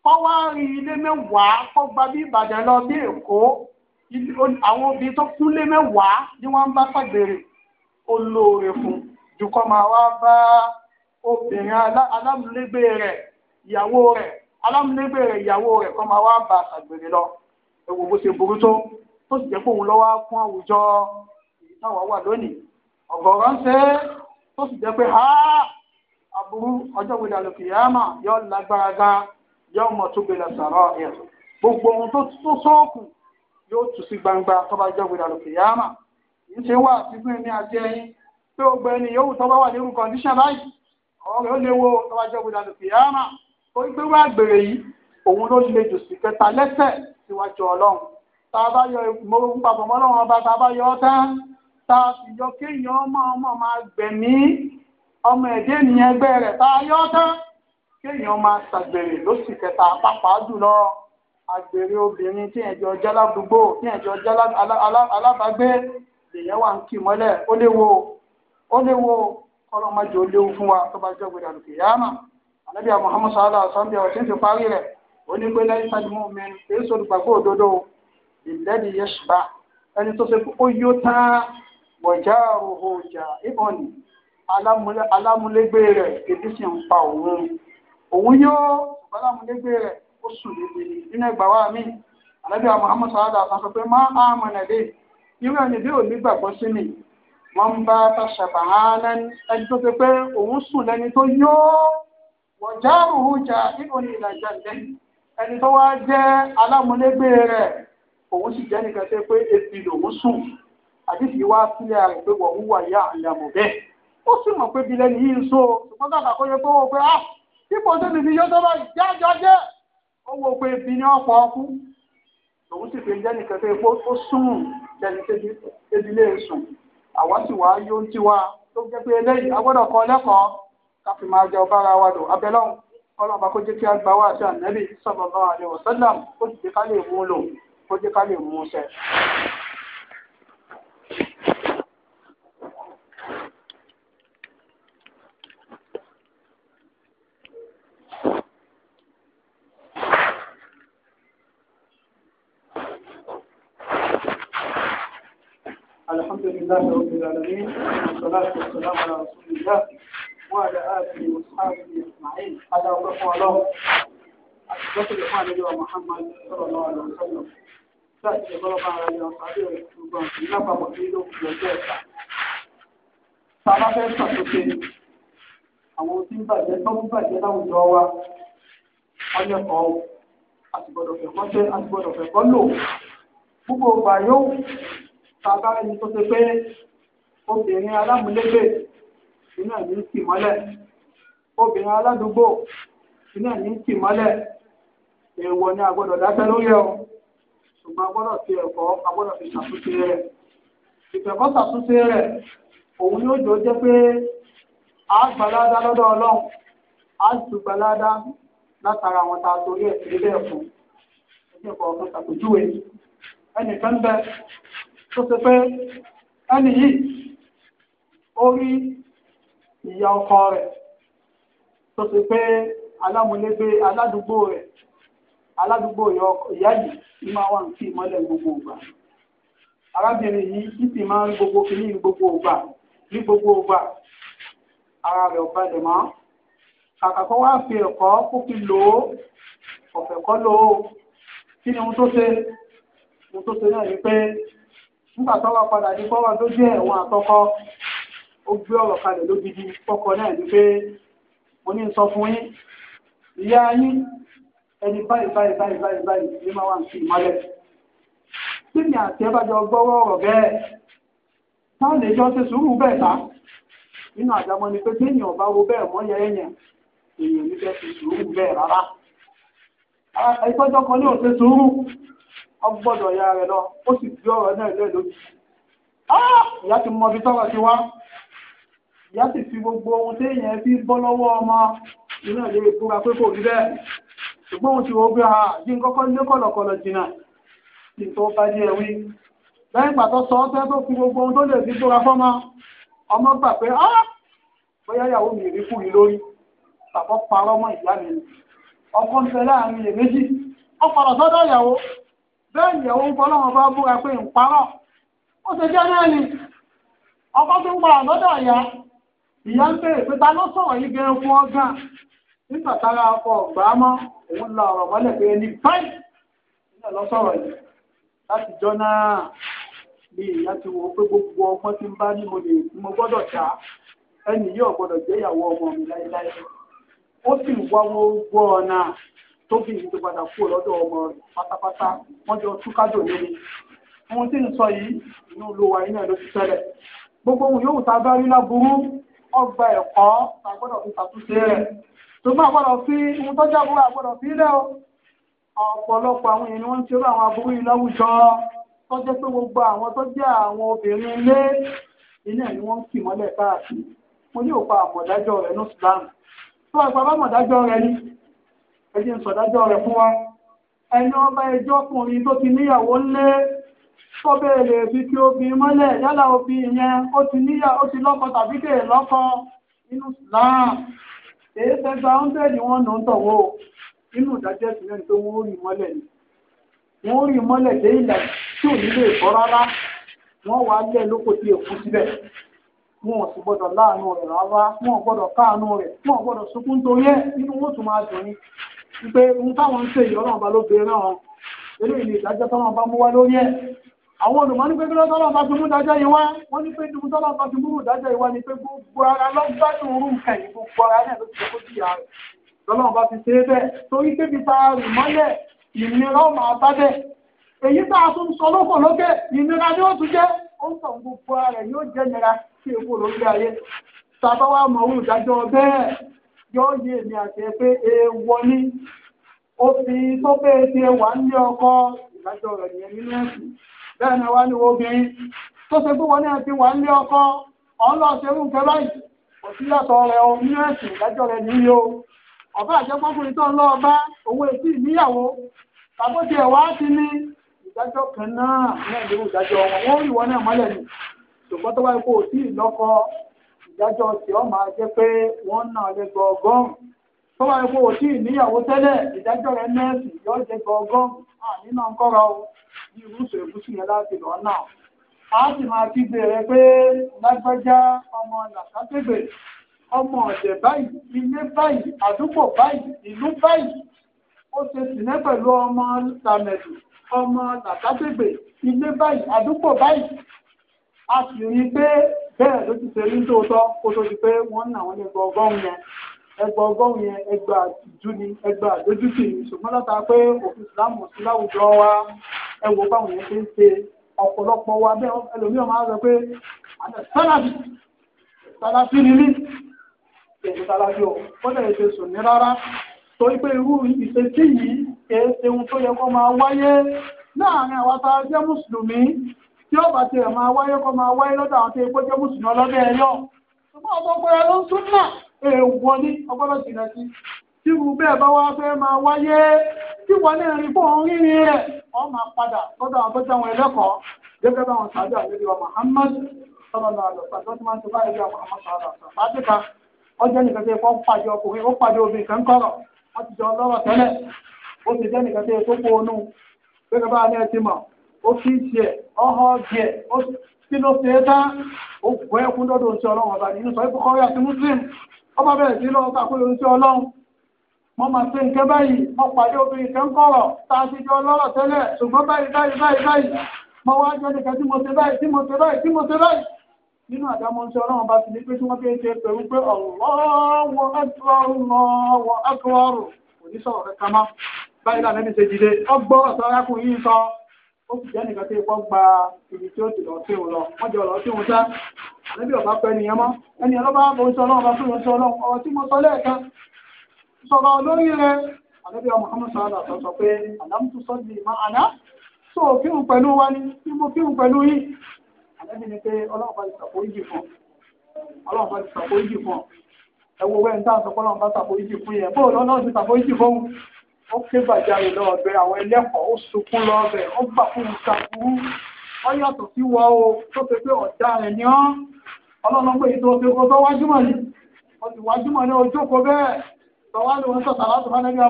kọ́ wá rí ilé mẹ́wàá kó gba bí Ìbàdàn lọ bí Èkó àwọn obìnrin tó kún ó lóore fún jùkọ́ máa wá bá obìnrin alámúlégbé rẹ̀ ìyàwó rẹ̀ alámúlégbé rẹ̀ ìyàwó rẹ̀ kọ́ máa wá bá àṣàgbèrè lọ ẹ̀wò bó ṣe burú tó tó sì jẹ́ pé òun lọ́wọ́ á kún àwùjọ èyí náà wà wà lónìí ọ̀gọ̀rọ̀ ń ṣe é tó sì jẹ́ pé ha aburú ọjọ́ gbèdà lòkè yàmà yọ lágbára gan yọ mọ̀ tó gbèdà sàrọ̀ ẹ̀ gbogbo ohun tó sóòkù yóò tù sí gbangba tó bá jẹ́ gbèdà lòkè yàmà ń ṣe wà fífún èmi àti ẹ̀yin pé ó gbẹ ẹni yòówù tó bá wà nírú kọ̀ǹdíṣàn báyìí ọ̀rẹ́ ó léwo tó bá jẹ́ gbọdọ̀ lòkè yáàmà ó gbé wá àgbèrè yìí òun ló lè jù sí kẹta lẹ́sẹ̀ síwájú ọlọ́run tá a bá yọ mo ń papọ̀ mọ́ ọlọ́run ọba tá a bá yọ ọ́ tán tá a sì yọ kéèyàn ọmọ ọmọ máa gbẹ̀mí ọmọ ẹ̀dẹ́ ènìyàn ẹgbẹ́ rẹ̀ tá a yọ ọ́ tán kéèyàn máa ṣàgbèrè lóṣù kẹta pàápàá jùlọ àgbèrè obìnrin tí ẹ̀jọ̀ jẹ́ aládùúgbò tí ẹ̀jọ̀ jẹ́ alábàágbé lèyẹn wà ń kì mọ́lẹ̀ ó léwo ó léwo ọlọ́mọdé ó léwu fún wa tó bá jẹ́ gbèdà lùkè yáàmà ànábìà muhammad sallallahu alaihi wa sallam bí ọ̀sẹ̀ ti parí rẹ̀ ó ní pé lẹ́yìn sáà ni mo mẹ́rin pé é sọ̀rọ̀ gbàgbọ́ òdodo ìlẹ́ni yẹ́sùbà ẹni tó ṣe pé ó yó tán wọ̀já òhò ọjà ìbọnì alámúlégbé rẹ̀ ebi sì ń pa òun òun yóò alámúlégbé rẹ̀ ó sùn níbi nínú ìgbà wa mí ànábìà muhammad sallallahu alaihi wa sallam sọ pé má àmọ̀ nàdé irú ẹni bí ò ní gbàgbọ́ sí mi wọ́n ń bá tàṣàbà ẹni tó fi pé òun sùn lẹ́ni tó yó wọ̀já òhújà nínú ìlàjà ẹni tó wá jẹ́ alámúlégbé rẹ̀ òun sì jẹ́ nìkan pé ebi sùn wá sílẹ̀ wúwà yá àyàmọ̀ bẹ́ẹ̀ ó sì mọ̀ pé ń so ṣùgbọ́n yẹ pé ó pé yóò tọ́lá ó pé lẹ́ni tẹ́bílé sùn àwa sì wá yó ń tiwa tó jẹ́ pé eléyìí agbọ́dọ̀ kọ́ lẹ́kọ̀ọ́ ká máa jẹ ọba ara wa dùn abẹ́lọ́hùn ọlọ́ọ̀bá kó jẹ́ kí a gbà wá àti ànẹ́bì sallallahu alaihi wasallam ó sì jẹ́ ká lè mú lò ó jẹ́ ká lè mú un الحمد لله رب العالمين والصلاة والسلام على رسول الله وعلى آله وأصحابه أجمعين على رفع الله أشرف الإخوان محمد صلى الله عليه وسلم láti ẹ̀kọ́ lọ́pàá ara ẹ̀yàn pàdé ọ̀gbọ̀n lápapọ̀ ní ìlú ìjọjọ́ ẹ̀ka. Ta bá fẹ́ ṣàtúnṣe àwọn tí ń bàjẹ́ tó ń bàjẹ́ láwùjọ wa ọlẹ́kọ̀ọ́ àtìgbọ̀dọ̀fẹ̀kọ́ jẹ́ àtìgbọ̀dọ̀fẹ̀kọ́ lò. Gbogbo ọgbà yóò bàbá ẹni tó ṣe pé obìnrin alámúlégbè iná ní tì mọ́lẹ̀ obìnrin aládùúgbò iná ní tì mọ́lẹ̀ èèwọ̀ ni a gbọ́dọ̀ dáṣẹ́ lórí ẹ̀ ṣùgbọ́n a gbọ́dọ̀ fi ẹ̀kọ́ a gbọ́dọ̀ fi ṣàtúnṣe rẹ̀ ìfẹ̀kọ́ ṣàtúnṣe rẹ̀ òun jọ jẹ́ pé a lọ́dọ̀ ọlọ́run a látara àwọn tá a torí ẹ̀ tó ṣe pé ẹni yìí ó rí ìyá ọkọ rẹ̀ tó ṣe pé alámúlégbé aládùúgbò rẹ̀ aládùúgbò ìyá yìí ní máa wà ní ìmọ́lẹ̀ gbogbo ìgbà arábìnrin yìí kí sì máa ń gbogbo kìíní gbogbo ìgbà ní gbogbo ìgbà ara rẹ̀ ọ̀bá lè mọ́ kàkà kó wá fi ẹ̀kọ́ kó fi lò ó ọ̀fẹ́ kọ́ lò ó kí ni ohun tó ṣe ohun tó ṣe náà ni pé nígbà tọ́wọ́ padà ní fọ́wọ́n tó jẹ́ ẹ̀wọ̀n àkọ́kọ́ ó gbé ọ̀rọ̀ kalẹ̀ lógidi fọ́kọ náà ní pé mo ní sọ fún yín ìyá yín ẹni báyìí báyìí báyìí báyìí báyìí ní máa wà ní ìmọ́lẹ̀ tí mi àti ẹ bá jọ gbọ́wọ́ ọ̀rọ̀ bẹ́ẹ̀ táà lè jọ ṣe sùúrù bẹ́ẹ̀ ta nínú àjámọ́ ni pé téèyàn bá wo bẹ́ẹ̀ mọ́ yẹn yẹn èèyàn ní bẹ́ẹ̀ ṣe sùúrù bẹ́ẹ̀ rárá ẹ̀tọ́jọ́ kan ní òṣè sùúrù ọgbọ́dọ̀ ya rẹ̀ lọ ó sì bí ọ̀rọ̀ náà lẹ́ lójú. ìyá ti mọ ibi tọ́rọ̀ ti wá ìyá sì fi gbogbo ohun téèyàn fi bọ́ lọ́wọ́ ọmọ iná lè búra pé kò rí bẹ́ẹ̀ ṣùgbọ́n òun ti wọ́n gbé ha jí kọ́kọ́ lé kọ̀lọ̀kọ̀lọ̀ jìnnà kí n tó bá díẹ̀ wí. lẹ́yìn pàtó sọ ọ́ fẹ́ tó fi gbogbo ohun tó lè fi búra fọ́mọ ọmọ gbà pé bóyá ìyàwó mi rí fún mi lórí tàbọ̀ parọ́ mọ́ ìyá mi ọkọ ń fẹ́ láàrin èméjì ọ padà sọ́dọ̀ ìyàwó bẹ́ẹ̀ ìyàwó ń bọ́lọ́wọ́ bá búra pé ń parọ́ ó ṣe jẹ́ náà ni ọkọ tó ń pa àlọ́dọ̀ ìyá ìyá ń bèrè pé ta ló sọ̀rọ̀ yìí fún ọgá nígbà tára ọkọ̀ ọ̀gbà mọ́ òun la ọ̀rọ̀ mọ́lẹ̀ pé báyìí nígbà lọ sọ̀rọ̀ yìí láti jọ náà wo pé gbogbo ọmọ ń mo lè mo gbọ́dọ̀ ta yìí jẹ́ ìyàwó ọmọ mi láéláé ó tó fi ìdí tó padà kúrò lọ́dọ̀ ọmọ rẹ̀ pátápátá wọ́n jọ túkájò lórí ohun tí ń sọ yìí inú olówó ayé náà ló ti ṣẹlẹ̀ gbogbo ohun yòówù tá a bá rí láburú ọgbà ẹ̀kọ́ tá gbọ́dọ̀ fi ṣàtúnṣe rẹ̀ tó bá gbọ́dọ̀ fi ohun tó jábúrò àgbọ́dọ̀ fi lẹ́ o ọ̀pọ̀lọpọ̀ àwọn èèyàn wọ́n ń ṣe irú àwọn aburú yìí láwùjọ tó jẹ́ pé gbogbo àwọn tó jẹ́ àwọn obìnrin ilé ilé ni wọ́n ń kì mọ́lẹ̀ káàkiri mo ní òpa àmọ̀dájọ́ rẹ̀ ní Islam tó àgbà ẹjẹ́ ń sọ̀dájọ́ rẹ̀ fún wa ẹni ọba ẹjọ́ ọkùnrin tó ti níyàwó ńlé fọ́bẹ̀rẹ̀ bí kí obìnrin mọ́lẹ̀ yálà obìnrin yẹn ó ti níyà ó ti lọ́kọ tàbí kè lọ́kọ èyí tẹgbà ń ni wọ́n nà tọ̀wọ́ inú tó wọ́n rí mọ́lẹ̀ ni wọ́n rí mọ́lẹ̀ dé ilẹ̀ tí ò nílé rárá wọ́n wà á lóko wípé ohun táwọn ń ṣe yìí ọlọ́run bá ló fi rán wọn eléyìí ni ìdájọ́ tọ́lọ́run bá mú wá lórí ẹ̀ àwọn olùmọ̀ ní pé kí lọ́tọ́lọ́run bá fi mú dájọ́ yìí wá wọ́n ní pé kí lọ́tọ́lọ́run bá fi mú dájọ́ yìí wá ni pé gbogbo ara lọ́gbádùn orú nǹkan yìí gbogbo ara náà ló ti kó sí ìyá rẹ̀ lọ́lọ́run bá fi ṣe é bẹ́ẹ̀ torí pé fífa rì mọ́lẹ̀ ìnira ọmọ àbá bẹ́ẹ̀ èyí tá a tún sọ lóko lókè ìnira ni ó tún jẹ́ ó ń sàn gbogbo ara yóò jẹ́ nira sí èkó lórí ayé tàbá wa mọ̀ ọ́n ìdájọ́ bẹ́ẹ̀ yọ yé èmi àti ẹ pé èèwọ̀ tó pé ti wà ní ọkọ ìdájọ́ rẹ̀ nìyẹn nínú ẹ̀sìn bẹ́ẹ̀ ni ní obìnrin tó ṣe pé ní wà ní ọkọ ọ̀n lọ ṣe báyìí kò sí yàtọ̀ rẹ̀ o nínú ẹ̀sìn ìdájọ́ rẹ̀ nìyí o ọ̀bá àjẹpọ́kùnrin tó ń lọ owó etí ìníyàwó tàbó ti ní ìdájọ́ kan náà ní ẹ̀dínwó ìdájọ́ wọn wọ́n rí wọn ìdájọ́ tí ó máa jẹ́ pé wọ́n náà lè gbọ́ ọgọ́rùn-ún tó wáyé pé ò tí tẹ́lẹ̀ ìdájọ́ rẹ nẹ́ẹ̀sì yóò jẹ́ gbọ́ ọgọ́rùn-ún nínú ọkọ́ra o ní irúṣọ ìbúsùn yẹn láti lọ náà a sì máa kígbe rẹ pé lágbájá ọmọ làkàtẹ́gbè ọmọ ọ̀dẹ̀ báyìí ilé báyìí àdúgbò báyìí ìlú báyìí ó ṣe sìnẹ́ pẹ̀lú ọmọ tàmẹ̀dù ọmọ làkàtẹ́gbè ilé báyìí àdúgbò báyìí a sì rí i pé bẹ́ẹ̀ ló ti ṣe ní tòótọ́ kó tó di pé wọ́n ń nà wọ́n ní ẹgbẹ́ ọgọ́rùn-ún yẹn ẹgbẹ́ ọgọ́rùn-ún yẹn ẹgbẹ́ àtijọ́ ni ẹgbẹ́ àdójútì ni ṣùgbọ́n látà pé òfin ìsìlámù sí láwùjọ wa ẹ wo báwọn yẹn ṣe ń ṣe ọ̀pọ̀lọpọ̀ wa bẹ́ẹ̀ ẹlòmíràn máa ń sọ pé sálàbì sálàbì ni mí èyí sálàbì ò kọ́lẹ̀ èdè sùn ní rárá torí pé irú ìṣesí yìí kèé ṣe ohun tó yẹ kó máa wáyé tí ó bá tiẹ̀ máa wáyé kọ́ máa wáyé lọ́dọ̀ àwọn tó epo jẹ́ mùsùlùmí ọlọ́dẹ ẹ̀yọ́ ṣùgbọ́n ọmọ ọgbẹ́rẹ́ ló ń tún náà èèwọ̀ ni ọgbọ́dọ̀ sí tí mo bẹ́ẹ̀ bá wá fẹ́ máa wáyé tí wọ́n ní rí fún òun rẹ̀ ọ máa padà lọ́dọ̀ àwọn tó ẹlẹ́kọ̀ọ́ gẹ́gẹ́ bá wọn àlejò tó ti máa ń tó báyìí bí àwọn òfin tiẹ̀ ọ̀họ́ ó gbọ́ ẹkún lọ́dọ̀ oṣù ọlọ́run ọba nínú sọ ìbùkọ́ rí àti muslim ọba bẹ̀rẹ̀ sí lọ́wọ́ ká pé ọlọ́run mo máa ṣe nǹkan báyìí mo pàdé obìnrin kan kọ̀rọ̀ tá a ti jọ lọ́rọ̀ tẹ́lẹ̀ ṣùgbọ́n báyìí báyìí báyìí báyìí mo wá jẹ́ nìkan tí mo ṣe báyìí tí mo ṣe báyìí tí mo ṣe báyìí nínú àdámọ́ ọlọ́run ọba sì ó sì jẹ́ nìkan tí ikọ́ gba ibi tí ó ti lọ sí òun lọ wọ́n jọ lọ sí òun sá níbi ọ̀bá pẹ́ nìyẹn mọ́ ẹni ọlọ́ba bó ń sọ ọlọ́run bá fún sọ ọlọ́run ọ̀rọ̀ tí mo sọ lẹ́ẹ̀kan sọ̀rọ̀ lórí rẹ̀ àlẹ́bí ọmọ ọmọ sọ̀rọ̀ sọ sọ pé àdámùtú sọ́ọ̀dì má àná tó kírun pẹ̀lú wa ni tí mo kírun pẹ̀lú yìí àlẹ́bí ni pé ọlọ́run bá ti sàkóyìí fún ọlọ́run bá ti sàkóyìí fún ẹ ó ké bàjáre lọ́ọ̀bẹ àwọn ẹlẹ́kọ̀ọ́ ó sunkún lọ́ọ̀bẹ ó gbà fún ụwa ó yàtọ̀ sí wọ o tó ṣe pé ọ̀dà rẹ̀ ni ọ́ ọlọ́run pé ètò ọ̀sẹ̀ kò wájúmọ̀ ni ó wájúmọ̀ ní ọjọ́ bẹ́ẹ̀ tọ́wá ni wọ́n sọ̀tà láti fún ẹgbẹ́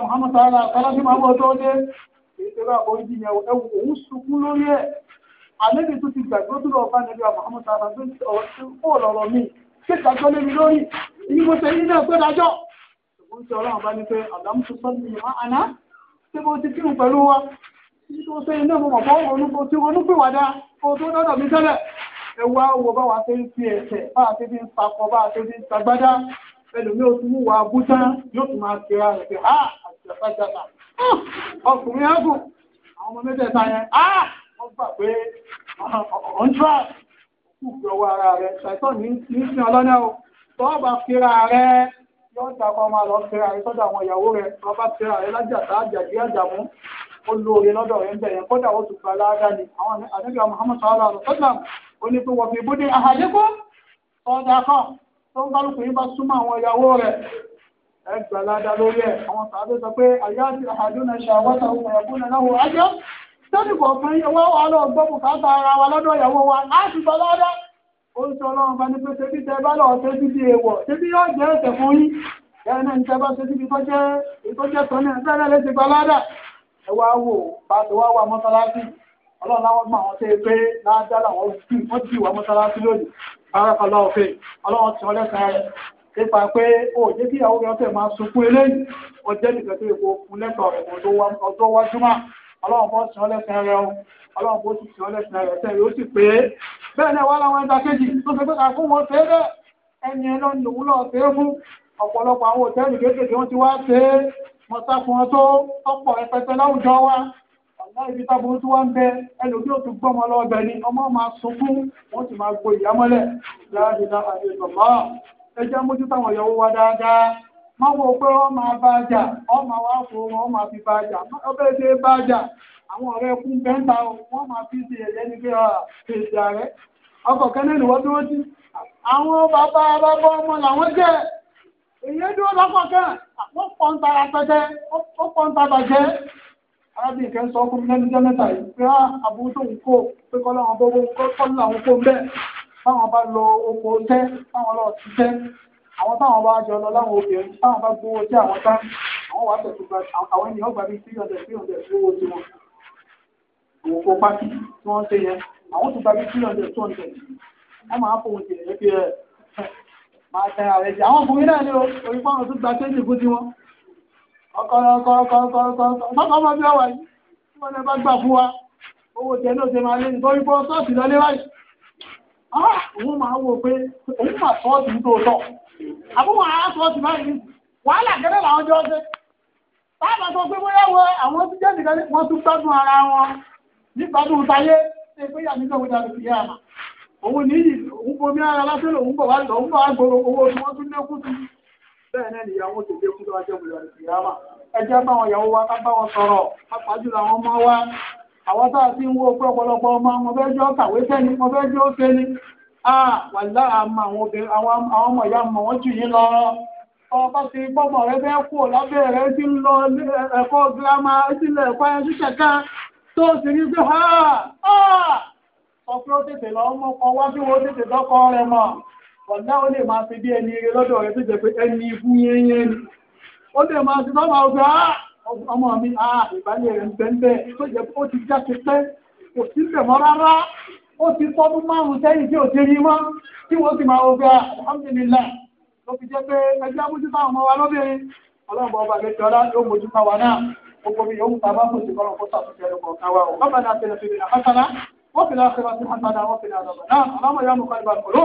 ètò àbọ̀ ìdí yẹn ẹwù òun sunkún lórí ẹ̀ àlejò tó ti òun ti ọlọ́run bá ní pé àdámù tó sọ́dún yìí máa àná tí mo ti kírun pẹ̀lú wa tí mo ṣe iná mo mọ̀ fọ́ ronúpo tí ronú pè wàdà kó tó dọ́dọ̀ mi tẹ́lẹ̀ ẹ wá wo bá wa ṣe ń fi ẹsẹ̀ bá a ṣe fi ń sakọ bá a ṣe fi ń sagbádá ẹlòmí ò tún wà bútá yóò tún máa ṣe ara rẹ̀ pé ha àti ẹ̀fájáta ọkùnrin ẹ̀gùn àwọn ọmọ mẹ́tẹ̀ẹ̀ta yẹn á wọ́n gbà pé ọ̀ǹtrà kúkú ọwọ́ ara rẹ̀ ṣàìsàn ní sí ọlọ́nà o tọ́ bá fi ra rẹ̀ yóò ta kọ́ máa lọ tẹ́ra rẹ sọ́dọ̀ àwọn ìyàwó rẹ lọ bá tẹ́ra rẹ lájàtà àjàdí àjàmú ó lóore lọ́dọ̀ rẹ ń yẹn kódà ó tún gba ni àwọn àdébíà Muhammad sallallahu alaihi wa sallam ó ní pé wọ́n fi bóde àhàdékò sọ́dà kan tó ń kálukú yín bá súnmọ́ àwọn ìyàwó rẹ ẹ gba aláàdá lórí ẹ àwọn sàádó sọ pé àyà àti àhàdúnà ṣàwọ́tà òkùnrin ẹ̀kúnlẹ̀ náà wò ájọ́ sẹ́nìkọ̀ọ̀kan yẹn wọ́n wà lọ gbọ́ ó ń sọ ọlọ́run bá ní pé ṣe bí tẹ́ bá lọ́ọ́ ṣe bíbí ewọ̀ ṣe bí yóò jẹ́ ẹ̀ṣẹ̀ fún yín ẹ̀rọ náà ní tẹ́ bá ṣe bíbí tó jẹ́ tó jẹ́ tán náà bẹ́ẹ̀ lè ṣe gbalada ẹ wá wò bá ṣe wá wà mọ́sálásí ọlọ́run láwọn gbọ́n àwọn ṣe é pé láàdá làwọn fi wọ́n ti wà mọ́sálásí lónìí arákàlá òfin ọlọ́run ti ọlẹ́sàn rẹ̀ nípa pé ó jẹ́ kí ìyàwó rẹ̀ ọ̀tẹ̀ máa sunkún eléyìí ọjẹ́ nìkan tó yẹ kó fún lẹ́tọ̀ọ́ rẹ̀ ọjọ́ wájúmọ́ ọlọ́run bó sọ lẹ́sìn rẹ o ọlọ́run bó sì sọ lẹ́sìn rẹ tẹ́ yóò sì pé bẹ́ẹ̀ náà wà láwọn ẹgbẹ́ kejì tó fẹ́ gbẹ́ka fún wọn fẹ́ bẹ́ẹ̀ ẹni ẹ lọ́nà òun lọ́ọ́ fẹ́ fún ọ̀pọ̀lọpọ̀ àwọn òtẹ́ẹ̀lì kéékèèké wọn ti wá ṣe é mọ̀tàkùn tó ọ̀pọ̀ ẹpẹtẹ láwùjọ wa ọ̀nà ibi tábùrú tí wọ́n ń bẹ ẹlòmí ò tún gbọ́mọ lọ́ọ́bẹ ni ọmọ máa sunkún wọ́n sì máa gbo ìyámọ́lẹ̀ láàrin láàrin ìgbọ̀mọ́ ẹ jẹ́ mójútó àwọn ìyàwó wa wọ́n pé wọ́n máa bá jà wọ́n máa wá fún wọn wọ́n máa fi bá jà wọ́n bẹ́ẹ̀ ṣe bá jà àwọn ọ̀rẹ́ kún bẹ́ńtà wọ́n máa fi ṣe ẹ̀yẹ́ ní pé fèsì ààrẹ ọkọ̀ kẹ́lẹ́ ni wọ́n dúró sí àwọn bàbá bàbá ọmọ làwọn jẹ́ èyí dúró lọ́kọ̀ kẹ́ wọ́n pọ̀ ń tara pẹ́tẹ́ ó pọ̀ ń arábìnrin kẹ́ ń sọ ọkùnrin lẹ́nu jẹ́ mẹ́ta àwọn táwọn bá jọ lọ láwọn obìnrin táwọn bá gbowó tí àwọn tán àwọn wà tẹ̀sùn gba àwọn ènìyàn gbà bí three hundred three hundred gbowó tí wọn òwò pátí tí wọ́n ṣe yẹn àwọn tó gba bí three hundred two hundred wọ́n máa fòun jẹ̀ ẹ́ bí ẹ máa tẹ ààrẹ jẹ àwọn ọkùnrin náà ni orí fáwọn tó gba twenty fún tiwọn ọkọ àbúrò aṣọ ti báyìí ní wàhálà gẹ́gẹ́ làwọn jọ ṣe táàbà sọ pé bóyá wọ àwọn tí jẹ́ nìkan wọ́n tún gbádùn ara wọn nígbàdùn táyé ṣe pé yàtí ìjọba ìjà ti yà mà òun ní yìí òun bomi ara lásán lòun bọ̀ wá òun bọ̀ wá gbòòrò owó tí wọ́n tún lékún sí bẹ́ẹ̀ náà nìyàwó tètè kú tó wá jẹ́ Aa, ah, láàmà àwọn obìnrin àwọn ọmọ ìyá mọ̀ wọ́n jù lọ ọba ti gbọ́mọ̀ rẹ bẹ́ẹ̀ kú lábẹ́ rẹ lọ ẹ̀kọ́ girama sílẹ̀ ẹ̀kọ́ ayé ha ó tètè lọ mọ́ kan wá bí wọ́n tètè lọ́dọ̀ rẹ tó pé ni ó lè máa ti ti já ti ó ti tọ́dún márùn-ún sẹ́yìn tí ò ti rí mọ́ tí wọ́n sì máa wọ́pẹ́ alhamdulillah ló fi jẹ́ pé ẹgbẹ́ amójútó àwọn ọmọ wa lóbìnrin ọlọ́run bọ̀ ọba àgbẹ̀tì ọlá yóò mójú ká wa náà gbogbo mi yóò ń ta bá fún ìṣèkọ́lọ́ kó sàtúnṣe ẹnu kọ̀ọ̀kan wa o bàbá náà tẹ̀lé fi bìnà hasana wọ́n fi láti rà sí hasana wọ́n fi náà lọ́gbà náà aláwọ̀ yá mọ̀kọ́ ìbá kòló